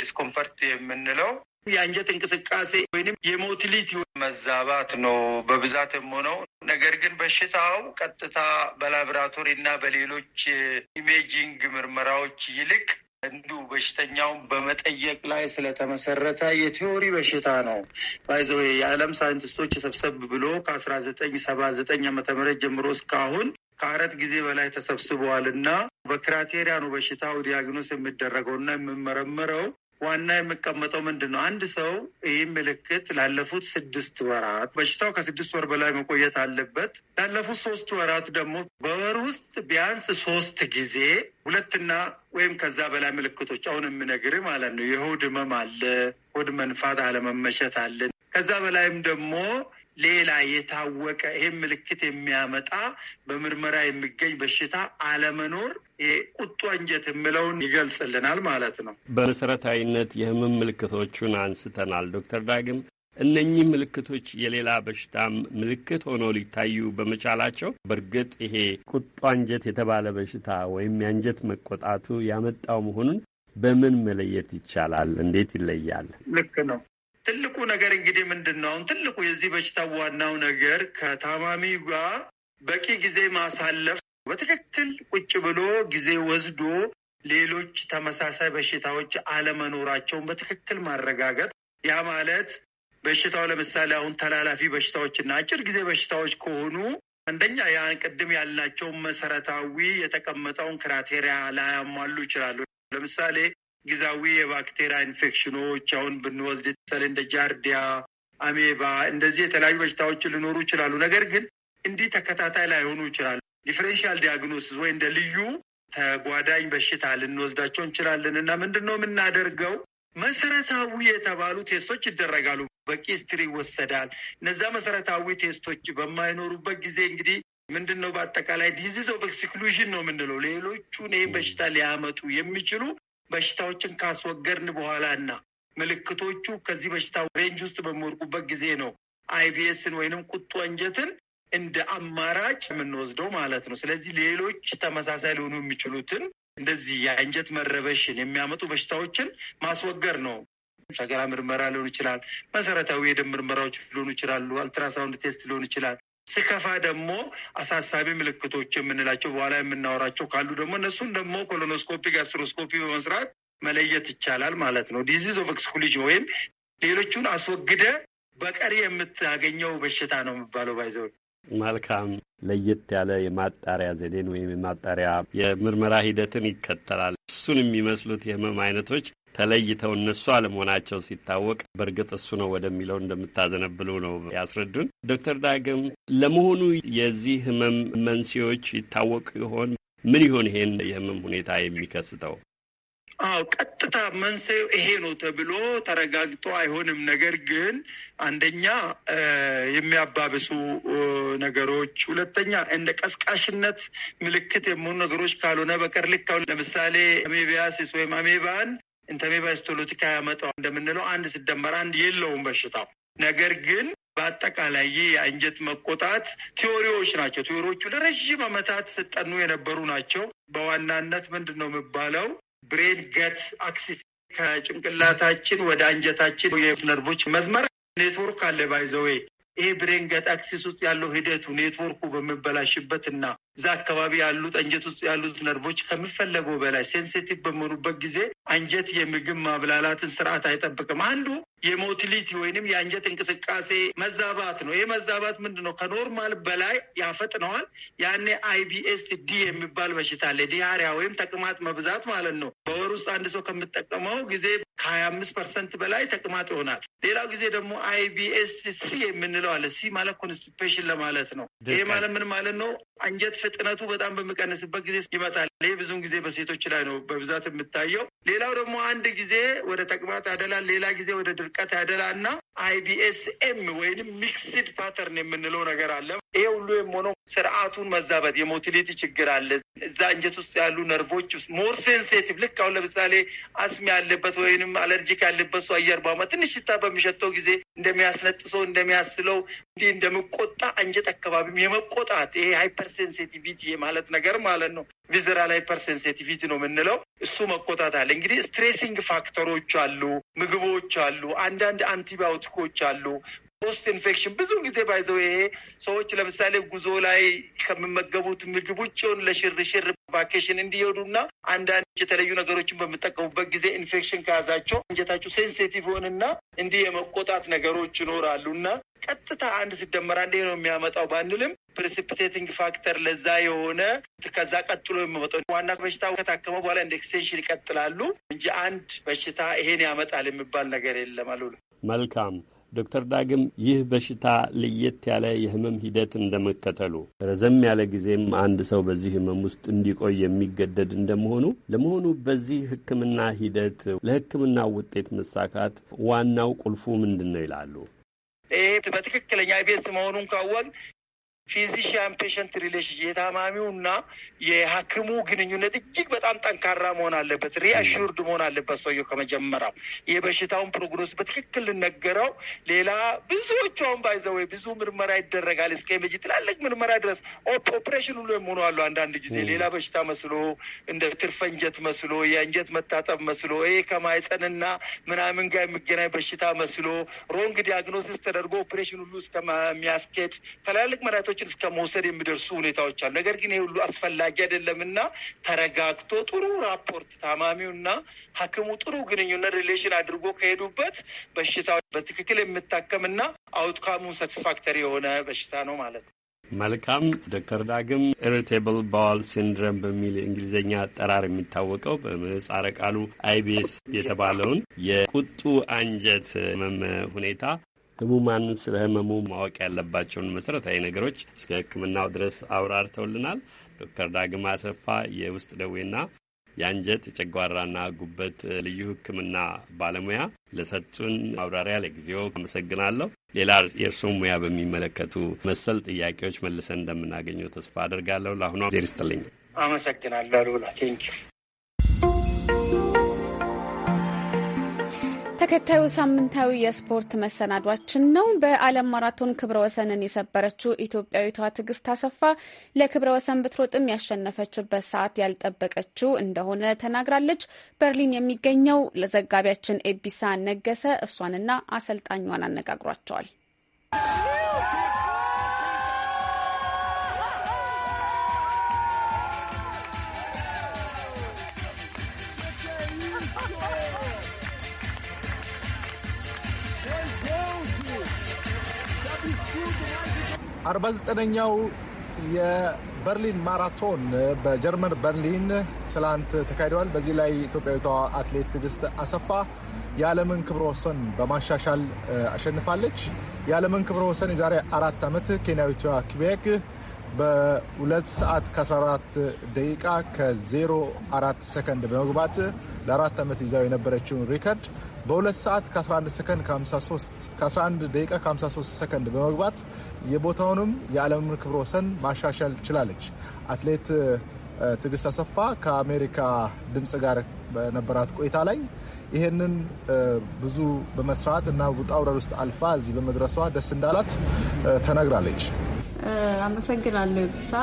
ዲስኮምፈርት የምንለው የአንጀት እንቅስቃሴ ወይም የሞቲሊቲ መዛባት ነው በብዛት የሆነው። ነገር ግን በሽታው ቀጥታ በላብራቶሪ እና በሌሎች ኢሜጂንግ ምርመራዎች ይልቅ እንዱ በሽተኛውን በመጠየቅ ላይ ስለተመሰረተ የቲዎሪ በሽታ ነው። ባይዘ የዓለም ሳይንቲስቶች ሰብሰብ ብሎ ከአስራ ዘጠኝ ሰባ ዘጠኝ ዓመተ ምህረት ጀምሮ እስካሁን ከአራት ጊዜ በላይ ተሰብስበዋል እና በክራቴሪያ ነው በሽታው ዲያግኖስ የሚደረገውና የምመረምረው። ዋና የሚቀመጠው ምንድን ነው? አንድ ሰው ይህ ምልክት ላለፉት ስድስት ወራት በሽታው ከስድስት ወር በላይ መቆየት አለበት። ላለፉት ሶስት ወራት ደግሞ በወር ውስጥ ቢያንስ ሶስት ጊዜ ሁለትና ወይም ከዛ በላይ ምልክቶች አሁን የምነግር ማለት ነው። የሆድ ህመም አለ፣ ሆድ መንፋት፣ አለመመሸት አለ። ከዛ በላይም ደግሞ ሌላ የታወቀ ይህ ምልክት የሚያመጣ በምርመራ የሚገኝ በሽታ አለመኖር ቁጡ አንጀት የምለውን ይገልጽልናል ማለት ነው። በመሰረታዊነት የህመም ምልክቶቹን አንስተናል። ዶክተር ዳግም እነኚህ ምልክቶች የሌላ በሽታ ምልክት ሆነው ሊታዩ በመቻላቸው በእርግጥ ይሄ ቁጡ አንጀት የተባለ በሽታ ወይም የአንጀት መቆጣቱ ያመጣው መሆኑን በምን መለየት ይቻላል? እንዴት ይለያል? ልክ ነው። ትልቁ ነገር እንግዲህ ምንድን ነው? አሁን ትልቁ የዚህ በሽታ ዋናው ነገር ከታማሚው ጋር በቂ ጊዜ ማሳለፍ፣ በትክክል ቁጭ ብሎ ጊዜ ወስዶ ሌሎች ተመሳሳይ በሽታዎች አለመኖራቸውን በትክክል ማረጋገጥ። ያ ማለት በሽታው ለምሳሌ አሁን ተላላፊ በሽታዎች እና አጭር ጊዜ በሽታዎች ከሆኑ አንደኛ ያን ቅድም ያልናቸውን መሰረታዊ የተቀመጠውን ክራቴሪያ ላያሟሉ ይችላሉ። ለምሳሌ ጊዜያዊ የባክቴሪያ ኢንፌክሽኖች አሁን ብንወስድ ለምሳሌ እንደ ጃርዲያ፣ አሜባ እንደዚህ የተለያዩ በሽታዎች ሊኖሩ ይችላሉ። ነገር ግን እንዲህ ተከታታይ ላይሆኑ ይችላሉ። ዲፍሬንሻል ዲያግኖሲስ ወይ እንደ ልዩ ተጓዳኝ በሽታ ልንወስዳቸው እንችላለን እና ምንድን ነው የምናደርገው? መሰረታዊ የተባሉ ቴስቶች ይደረጋሉ። በቂ ስትሪ ይወሰዳል። እነዛ መሰረታዊ ቴስቶች በማይኖሩበት ጊዜ እንግዲህ ምንድን ነው በአጠቃላይ ዲዚዝ ኦፍ ኤክስክሉዥን ነው የምንለው ሌሎቹን ይህ በሽታ ሊያመጡ የሚችሉ በሽታዎችን ካስወገድን በኋላና ምልክቶቹ ከዚህ በሽታ ሬንጅ ውስጥ በሚወድቁበት ጊዜ ነው አይቢኤስን ወይንም ቁጡ አንጀትን እንደ አማራጭ የምንወስደው ማለት ነው። ስለዚህ ሌሎች ተመሳሳይ ሊሆኑ የሚችሉትን እንደዚህ የአንጀት መረበሽን የሚያመጡ በሽታዎችን ማስወገድ ነው። ሸገራ ምርመራ ሊሆን ይችላል። መሰረታዊ የደም ምርመራዎች ሊሆኑ ይችላሉ። አልትራሳውንድ ቴስት ሊሆን ይችላል። ስከፋ ደግሞ አሳሳቢ ምልክቶች የምንላቸው በኋላ የምናወራቸው ካሉ ደግሞ እነሱን ደግሞ ኮሎኖስኮፒ፣ ጋስትሮስኮፒ በመስራት መለየት ይቻላል ማለት ነው። ዲዚዝ ኦፍ ኤክስኩሊጅ ወይም ሌሎቹን አስወግደ በቀሪ የምታገኘው በሽታ ነው የሚባለው ባይዘው መልካም ለየት ያለ የማጣሪያ ዘዴን ወይም የማጣሪያ የምርመራ ሂደትን ይከተላል። እሱን የሚመስሉት የህመም አይነቶች ተለይተው እነሱ አለመሆናቸው ሲታወቅ በእርግጥ እሱ ነው ወደሚለው እንደምታዘነብሉ ነው ያስረዱን ዶክተር ዳግም። ለመሆኑ የዚህ ህመም መንስኤዎች ይታወቅ ይሆን? ምን ይሆን ይሄን የህመም ሁኔታ የሚከስተው? አዎ ቀጥታ መንስኤው ይሄ ነው ተብሎ ተረጋግጦ አይሆንም። ነገር ግን አንደኛ የሚያባብሱ ነገሮች፣ ሁለተኛ እንደ ቀስቃሽነት ምልክት የመሆኑ ነገሮች ካልሆነ በቀር ልክ አሁን ለምሳሌ አሜቢያሲስ ወይም አሜባን ኢንተሜባ ስቶሎቲካ ያመጣው እንደምንለው አንድ ስደመር አንድ የለውም በሽታው ነገር ግን በአጠቃላይ ይህ የአንጀት መቆጣት ቲዎሪዎች ናቸው። ቲዎሪዎቹ ለረዥም ዓመታት ስጠኑ የነበሩ ናቸው። በዋናነት ምንድን ነው የሚባለው ብሬን ገት አክሲስ ከጭንቅላታችን ወደ አንጀታችን ነርቮች መስመር ኔትወርክ አለ ባይዘዌ ይሄ ብሬን ገት አክሲስ ውስጥ ያለው ሂደቱ ኔትወርኩ በምበላሽበት እና እዛ አካባቢ ያሉት አንጀት ውስጥ ያሉት ነርቮች ከሚፈለገው በላይ ሴንሲቲቭ በሚሆኑበት ጊዜ አንጀት የምግብ ማብላላትን ስርዓት አይጠብቅም። አንዱ የሞቲሊቲ ወይንም የአንጀት እንቅስቃሴ መዛባት ነው። ይህ መዛባት ምንድን ነው? ከኖርማል በላይ ያፈጥነዋል። ያኔ አይቢኤስ ዲ የሚባል በሽታ አለ። ዲያሪያ ወይም ተቅማጥ መብዛት ማለት ነው። በወር ውስጥ አንድ ሰው ከምጠቀመው ጊዜ ከሀያ አምስት ፐርሰንት በላይ ተቅማጥ ይሆናል። ሌላው ጊዜ ደግሞ አይቢኤስ ሲ የምንለው አለ። ሲ ማለት ኮንስቲፔሽን ለማለት ነው። ይህ ማለት ምን ማለት ነው? አንጀት ፍጥነቱ በጣም በሚቀንስበት ጊዜ ይመጣል። ይህ ብዙን ጊዜ በሴቶች ላይ ነው በብዛት የምታየው። ሌላው ደግሞ አንድ ጊዜ ወደ ተቅማጥ ያደላል፣ ሌላ ጊዜ ወደ ድርቀት ያደላና አይቢኤስኤም ወይንም ሚክስድ ፓተርን የምንለው ነገር አለ። ይሄ ሁሉ የሆነው ስርዓቱን መዛበት የሞቲሊቲ ችግር አለ። እዛ እንጀት ውስጥ ያሉ ነርቮች ሞር ሴንሴቲቭ ልክ አሁን ለምሳሌ አስም ያለበት ወይንም አለርጂክ ያለበት ሰው አየር ባመ ትንሽ ሽታ በሚሸተው ጊዜ እንደሚያስነጥሰው እንደሚያስለው እንዲህ እንደምቆጣ አንጀት አካባቢም የመቆጣት ይሄ ሃይፐር ሴንሴቲቭ ሴንሲቲቪቲ የማለት ነገር ማለት ነው። ቪዘራል ሃይፐር ሴንሲቲቪቲ ነው የምንለው እሱ መቆጣት አለ። እንግዲህ ስትሬሲንግ ፋክተሮች አሉ፣ ምግቦች አሉ፣ አንዳንድ አንቲባዮቲኮች አሉ፣ ፖስት ኢንፌክሽን ብዙ ጊዜ ባይዘው ይሄ ሰዎች ለምሳሌ ጉዞ ላይ ከሚመገቡት ምግብ ውጭ ለሽርሽር ቫኬሽን እንዲሄዱና አንዳንድ የተለዩ ነገሮችን በምጠቀሙበት ጊዜ ኢንፌክሽን ከያዛቸው አንጀታቸው ሴንሲቲቭ ሆንና እንዲህ የመቆጣት ነገሮች ይኖራሉ እና ቀጥታ አንድ ሲደመር ነው የሚያመጣው ባንልም ፕሪሲፒቴቲንግ ፋክተር ለዛ የሆነ ከዛ ቀጥሎ የሚመጣው ዋና በሽታ ከታከመ በኋላ እንደ ኤክስቴንሽን ይቀጥላሉ እንጂ አንድ በሽታ ይሄን ያመጣል የሚባል ነገር የለም። አሉ መልካም ዶክተር ዳግም ይህ በሽታ ለየት ያለ የህመም ሂደት እንደመከተሉ ረዘም ያለ ጊዜም አንድ ሰው በዚህ ህመም ውስጥ እንዲቆይ የሚገደድ እንደመሆኑ ለመሆኑ በዚህ ህክምና ሂደት ለህክምና ውጤት መሳካት ዋናው ቁልፉ ምንድን ነው ይላሉ? ይህ በትክክለኛ ቤት መሆኑን ካወቅ ፊዚሽያን ፔሸንት ሪሌሽን የታማሚው እና የሐኪሙ ግንኙነት እጅግ በጣም ጠንካራ መሆን አለበት። ሪአሹርድ መሆን አለበት ሰውየው ከመጀመሪያው የበሽታውን ፕሮግኖስ በትክክል ልነገረው። ሌላ ብዙዎቹ አሁን ባይዘወ ብዙ ምርመራ ይደረጋል። እስከ ኢሜጅ ትላልቅ ምርመራ ድረስ ኦፕሬሽን ሁሉ የምሆኑ አሉ። አንዳንድ ጊዜ ሌላ በሽታ መስሎ እንደ ትርፈ እንጀት መስሎ የእንጀት መታጠብ መስሎ ይሄ ከማይፀንና ምናምን ጋር የሚገናኝ በሽታ መስሎ ሮንግ ዲያግኖሲስ ተደርጎ ኦፕሬሽን ሁሉ እስከሚያስኬድ ትላልቅ መድኃኒቶች እርምጃዎችን እስከ መውሰድ የሚደርሱ ሁኔታዎች አሉ። ነገር ግን ይህ ሁሉ አስፈላጊ አይደለም እና ተረጋግቶ ጥሩ ራፖርት ታማሚውና ሐኪሙ ጥሩ ግንኙነት ሪሌሽን አድርጎ ከሄዱበት በሽታ በትክክል የምታከምና አውትካሙ ሳቲስፋክተሪ የሆነ በሽታ ነው ማለት ነው። መልካም ዶክተር ዳግም ኢሪቴብል ባዋል ሲንድረም በሚል የእንግሊዝኛ አጠራር የሚታወቀው በምህጻረ ቃሉ አይቢኤስ የተባለውን የቁጡ አንጀት ህመም ሁኔታ ህሙማን ስለ ህመሙ ማወቅ ያለባቸውን መሰረታዊ ነገሮች እስከ ህክምናው ድረስ አብራርተውልናል። ዶክተር ዳግማ አሰፋ የውስጥ ደዌና የአንጀት የጨጓራና ጉበት ልዩ ህክምና ባለሙያ ለሰጡን ማብራሪያ ለጊዜው አመሰግናለሁ። ሌላ የእርስዎም ሙያ በሚመለከቱ መሰል ጥያቄዎች መልሰን እንደምናገኘው ተስፋ አድርጋለሁ። ለአሁኗ ዜር ይስጥልኝ። አመሰግናለሁ ሉላ ቴንኪው። ተከታዩ ሳምንታዊ የስፖርት መሰናዷችን ነው። በዓለም ማራቶን ክብረ ወሰንን የሰበረችው ኢትዮጵያዊቷ ትዕግስት አሰፋ ለክብረ ወሰን ብትሮጥም ያሸነፈችበት ሰዓት ያልጠበቀችው እንደሆነ ተናግራለች። በርሊን የሚገኘው ለዘጋቢያችን ኤቢሳ ነገሰ እሷንና አሰልጣኟን አነጋግሯቸዋል። 49ኛው የበርሊን ማራቶን በጀርመን በርሊን ትላንት ተካሂደዋል። በዚህ ላይ ኢትዮጵያዊቷ አትሌት ትዕግስት አሰፋ የዓለምን ክብረ ወሰን በማሻሻል አሸንፋለች። የዓለምን ክብረ ወሰን የዛሬ አራት ዓመት ኬንያዊቷ ኪቤግ በ2 ሰዓት ከ14 ደቂቃ ከ04 ሰከንድ በመግባት ለአራት ዓመት ይዛው የነበረችውን ሪከርድ በ2 ሰዓት ከ11 ደቂቃ ከ53 ሰከንድ በመግባት የቦታውንም የዓለምን ክብረ ወሰን ማሻሻል ችላለች። አትሌት ትዕግስት አሰፋ ከአሜሪካ ድምፅ ጋር በነበራት ቆይታ ላይ ይህንን ብዙ በመስራት እና ውጣ ውረድ ውስጥ አልፋ እዚህ በመድረሷ ደስ እንዳላት ተናግራለች። አመሰግናለሁ ሳ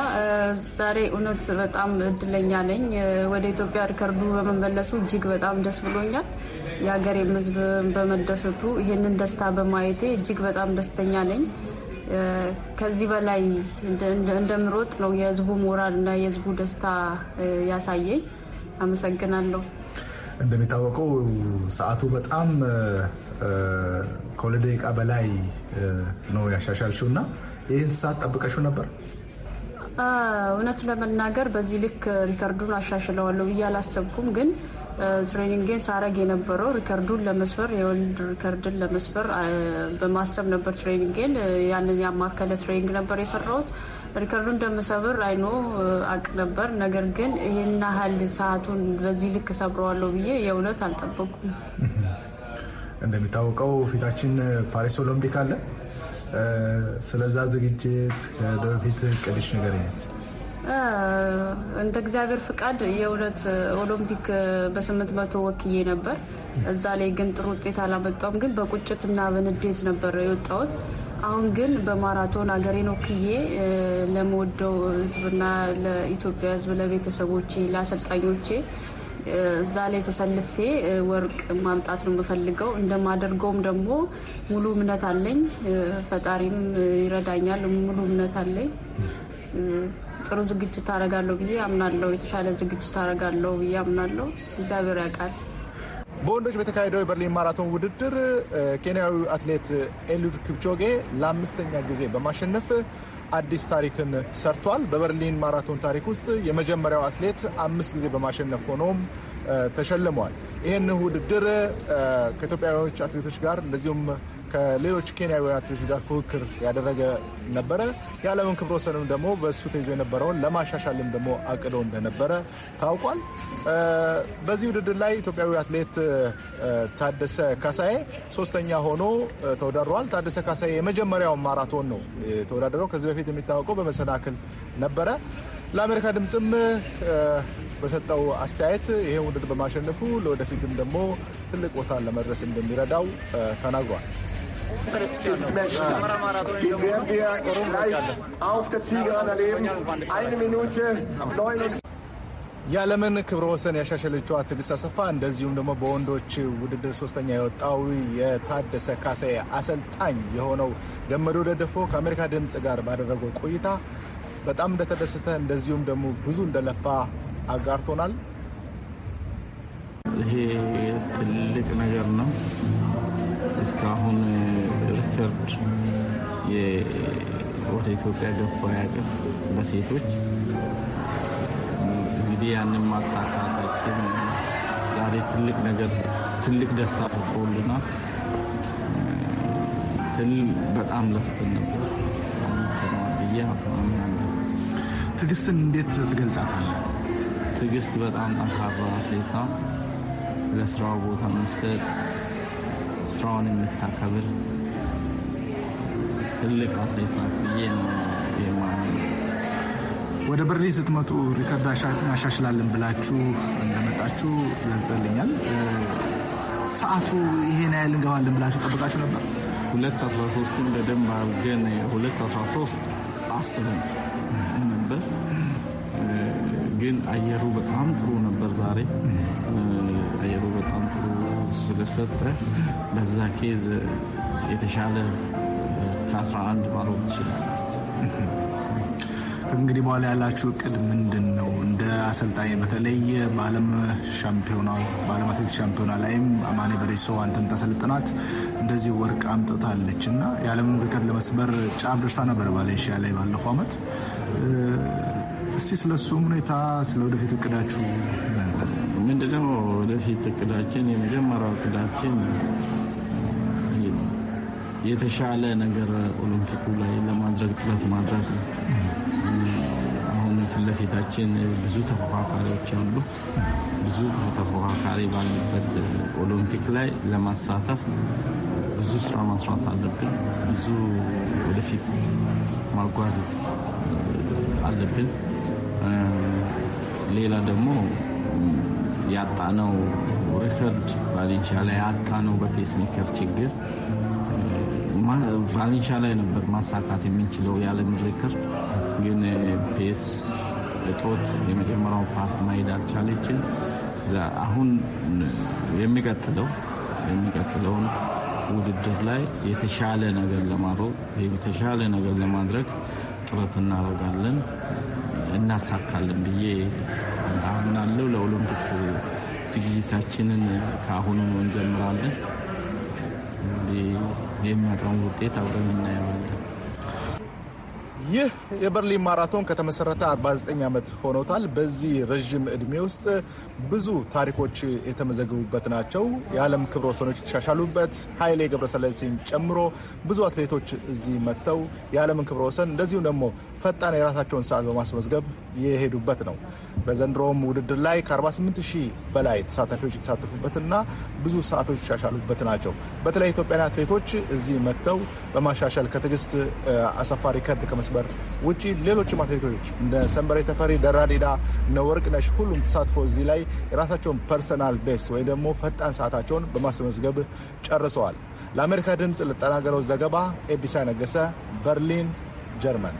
ዛሬ እውነት በጣም እድለኛ ነኝ። ወደ ኢትዮጵያ ሪከርዱ በመመለሱ እጅግ በጣም ደስ ብሎኛል። የሀገሬም ሕዝብ በመደሰቱ ይህንን ደስታ በማየቴ እጅግ በጣም ደስተኛ ነኝ። ከዚህ በላይ እንደምሮጥ ነው የህዝቡ ሞራል እና የህዝቡ ደስታ ያሳየኝ። አመሰግናለሁ። እንደሚታወቀው ሰዓቱ በጣም ከሁለት ደቂቃ በላይ ነው ያሻሻልሽው እና ይህን ሰዓት ጠብቀሽው ነበር? እውነት ለመናገር በዚህ ልክ ሪከርዱን አሻሽለዋለሁ ብዬ አላሰብኩም ግን ትሬኒንግን ሳረግ የነበረው ሪከርዱን ለመስበር የወልድ ሪከርድን ለመስበር በማሰብ ነበር ትሬኒንግን ያንን ያማከለ ትሬኒንግ ነበር የሰራሁት። ሪከርዱ እንደምሰብር አይኖ አቅ ነበር። ነገር ግን ይህን ያህል ሰዓቱን በዚህ ልክ ሰብረዋለሁ ብዬ የእውነት አልጠበቁም እንደሚታወቀው ፊታችን ፓሪስ ኦሎምፒክ አለ። ስለዛ ዝግጅት ከደበፊት ቅድሽ ነገር ይመስል እንደ እግዚአብሔር ፍቃድ የሁለት ኦሎምፒክ በስምንት መቶ ወክዬ ነበር። እዛ ላይ ግን ጥሩ ውጤት አላመጣውም። ግን በቁጭትና በንዴት ነበር የወጣሁት። አሁን ግን በማራቶን አገሬን ወክዬ ለመወደው ህዝብና ለኢትዮጵያ ህዝብ ለቤተሰቦቼ፣ ለአሰልጣኞቼ እዛ ላይ ተሰልፌ ወርቅ ማምጣት ነው የምፈልገው። እንደማደርገውም ደግሞ ሙሉ እምነት አለኝ። ፈጣሪም ይረዳኛል። ሙሉ እምነት አለኝ። ጥሩ ዝግጅት አደርጋለሁ ብዬ አምናለሁ። የተሻለ ዝግጅት አደርጋለሁ ብዬ አምናለሁ። እግዚአብሔር ያውቃል። በወንዶች በተካሄደው የበርሊን ማራቶን ውድድር ኬንያዊ አትሌት ኤሉድ ክብቾጌ ለአምስተኛ ጊዜ በማሸነፍ አዲስ ታሪክን ሰርቷል። በበርሊን ማራቶን ታሪክ ውስጥ የመጀመሪያው አትሌት አምስት ጊዜ በማሸነፍ ሆኖም ተሸልመዋል። ይህን ውድድር ከኢትዮጵያዊዎች አትሌቶች ጋር እንደዚሁም ከሌሎች ኬንያዊ አትሌቶች ጋር ፉክክር ያደረገ ነበረ። የዓለምን ክብረ ወሰንም ደግሞ በእሱ ተይዞ የነበረውን ለማሻሻልም ደግሞ አቅዶ እንደነበረ ታውቋል። በዚህ ውድድር ላይ ኢትዮጵያዊ አትሌት ታደሰ ካሳዬ ሶስተኛ ሆኖ ተወዳድሯል። ታደሰ ካሳዬ የመጀመሪያውን ማራቶን ነው የተወዳደረው። ከዚህ በፊት የሚታወቀው በመሰናክል ነበረ። ለአሜሪካ ድምፅም በሰጠው አስተያየት ይህ ውድድር በማሸነፉ ለወደፊትም ደግሞ ትልቅ ቦታ ለመድረስ እንደሚረዳው ተናግሯል። ist Die werden wir auf der Zielgeraden erleben. Eine Minute የዓለምን ክብረ ወሰን ያሻሸለችው ትዕግስት አሰፋ እንደዚሁም ደግሞ በወንዶች ውድድር ሶስተኛ የወጣው የታደሰ ካሳ አሰልጣኝ የሆነው ገመዶ ደደፎ ከአሜሪካ ድምፅ ጋር ባደረገው ቆይታ በጣም እንደተደሰተ እንደዚሁም ደግሞ ብዙ እንደለፋ አጋርቶናል። ይሄ ትልቅ ነገር ነው እስካሁን ፍርድ ወደ ኢትዮጵያ ገባ ያቅፍ በሴቶች እንግዲህ ያንን ማሳካታችን ዛሬ ትልቅ ነገር ትልቅ ደስታ ፈጥሮልና በጣም ለፍተን ነበር ብዬ አስማምናለሁ። ትዕግስትን እንዴት ትገልጻታለ? ትግስት በጣም ጠንካራ አትሌት ናት። ለስራው ቦታ የምትሰጥ ስራውን የምታከብር ትልቅ አትሌት ናት ብዬ ነው የማምነው። ወደ በርሊን ስትመጡ ሪከርድ እናሻሽላለን ብላችሁ እንደመጣችሁ ገልጸልኛል። ሰዓቱ ይሄን ያህል እንገባለን ብላችሁ ጠብቃችሁ ነበር? 213 በደንብ አድርገን 213 አስበን ነበር፣ ግን አየሩ በጣም ጥሩ ነበር። ዛሬ አየሩ በጣም ጥሩ ስለሰጠ በዛ ኬዝ የተሻለ 11 ማለት ይችላል። እንግዲህ በኋላ ያላችሁ እቅድ ምንድን ነው? እንደ አሰልጣኝ በተለይ በዓለም ሻምፒዮና በዓለም አትሌት ሻምፒዮና ላይም አማኔ በሬሶ አንተን ተሰልጥናት እንደዚህ ወርቅ አምጥታለች እና የዓለምን ሪከርድ ለመስበር ጫፍ ደርሳ ነበር ባሌንሺያ ላይ ባለፈው ዓመት። እስቲ ስለ እሱም ሁኔታ ስለ ወደፊት እቅዳችሁ ምንድነው? ወደፊት እቅዳችን የመጀመሪያው እቅዳችን የተሻለ ነገር ኦሎምፒኩ ላይ ለማድረግ ጥረት ማድረግ ነው። አሁን ፊት ለፊታችን ብዙ ተፎካካሪዎች አሉ። ብዙ ተፎካካሪ ባለበት ኦሎምፒክ ላይ ለማሳተፍ ብዙ ስራ ማስራት አለብን። ብዙ ወደፊት ማጓዝ አለብን። ሌላ ደግሞ ያጣነው ሪከርድ ባልንቻ ላይ ያጣነው በፔስሜከር ችግር ቫሌንሻ ላይ ነበር ማሳካት የምንችለው የዓለም ምክር ግን ፔስ እጦት የመጀመሪያው ፓርት ማሄድ አልቻለችን። አሁን የሚቀጥለው የሚቀጥለውን ውድድር ላይ የተሻለ ነገር ለማድረግ የተሻለ ነገር ለማድረግ ጥረት እናደርጋለን እናሳካለን ብዬ አምናለሁ። ለኦሎምፒክ ዝግጅታችንን ከአሁኑ እንጀምራለን። የሚመጣውን ውጤት አብረን እናየዋለን። ይህ የበርሊን ማራቶን ከተመሰረተ 49 ዓመት ሆኖታል። በዚህ ረዥም እድሜ ውስጥ ብዙ ታሪኮች የተመዘገቡበት ናቸው። የዓለም ክብረ ወሰኖች የተሻሻሉበት ኃይሌ ገብረስላሴን ጨምሮ ብዙ አትሌቶች እዚህ መጥተው የዓለምን ክብረ ወሰን እንደዚሁም ደግሞ ፈጣን የራሳቸውን ሰዓት በማስመዝገብ የሄዱበት ነው። በዘንድሮም ውድድር ላይ ከ48 ሺህ በላይ ተሳታፊዎች የተሳተፉበትና ብዙ ሰዓቶች የተሻሻሉበት ናቸው። በተለይ ኢትዮጵያን አትሌቶች እዚህ መጥተው በማሻሻል ከትዕግስት አሰፋ ሪከርድ ከመስበር ውጭ ሌሎችም አትሌቶች እንደ ሰንበሬ ተፈሪ፣ ደራዲዳ፣ እነ ወርቅነሽ ሁሉም ተሳትፎ እዚህ ላይ የራሳቸውን ፐርሰናል ቤስ ወይም ደግሞ ፈጣን ሰዓታቸውን በማስመዝገብ ጨርሰዋል። ለአሜሪካ ድምፅ ለተናገረው ዘገባ ኤቢሳ ነገሰ፣ በርሊን ጀርመን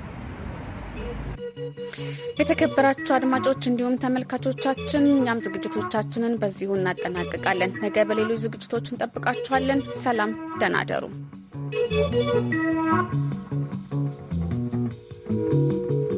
የተከበራችሁ አድማጮች እንዲሁም ተመልካቾቻችን እኛም ዝግጅቶቻችንን በዚሁ እናጠናቅቃለን። ነገ በሌሎች ዝግጅቶች እንጠብቃችኋለን። ሰላም፣ ደህና እደሩ።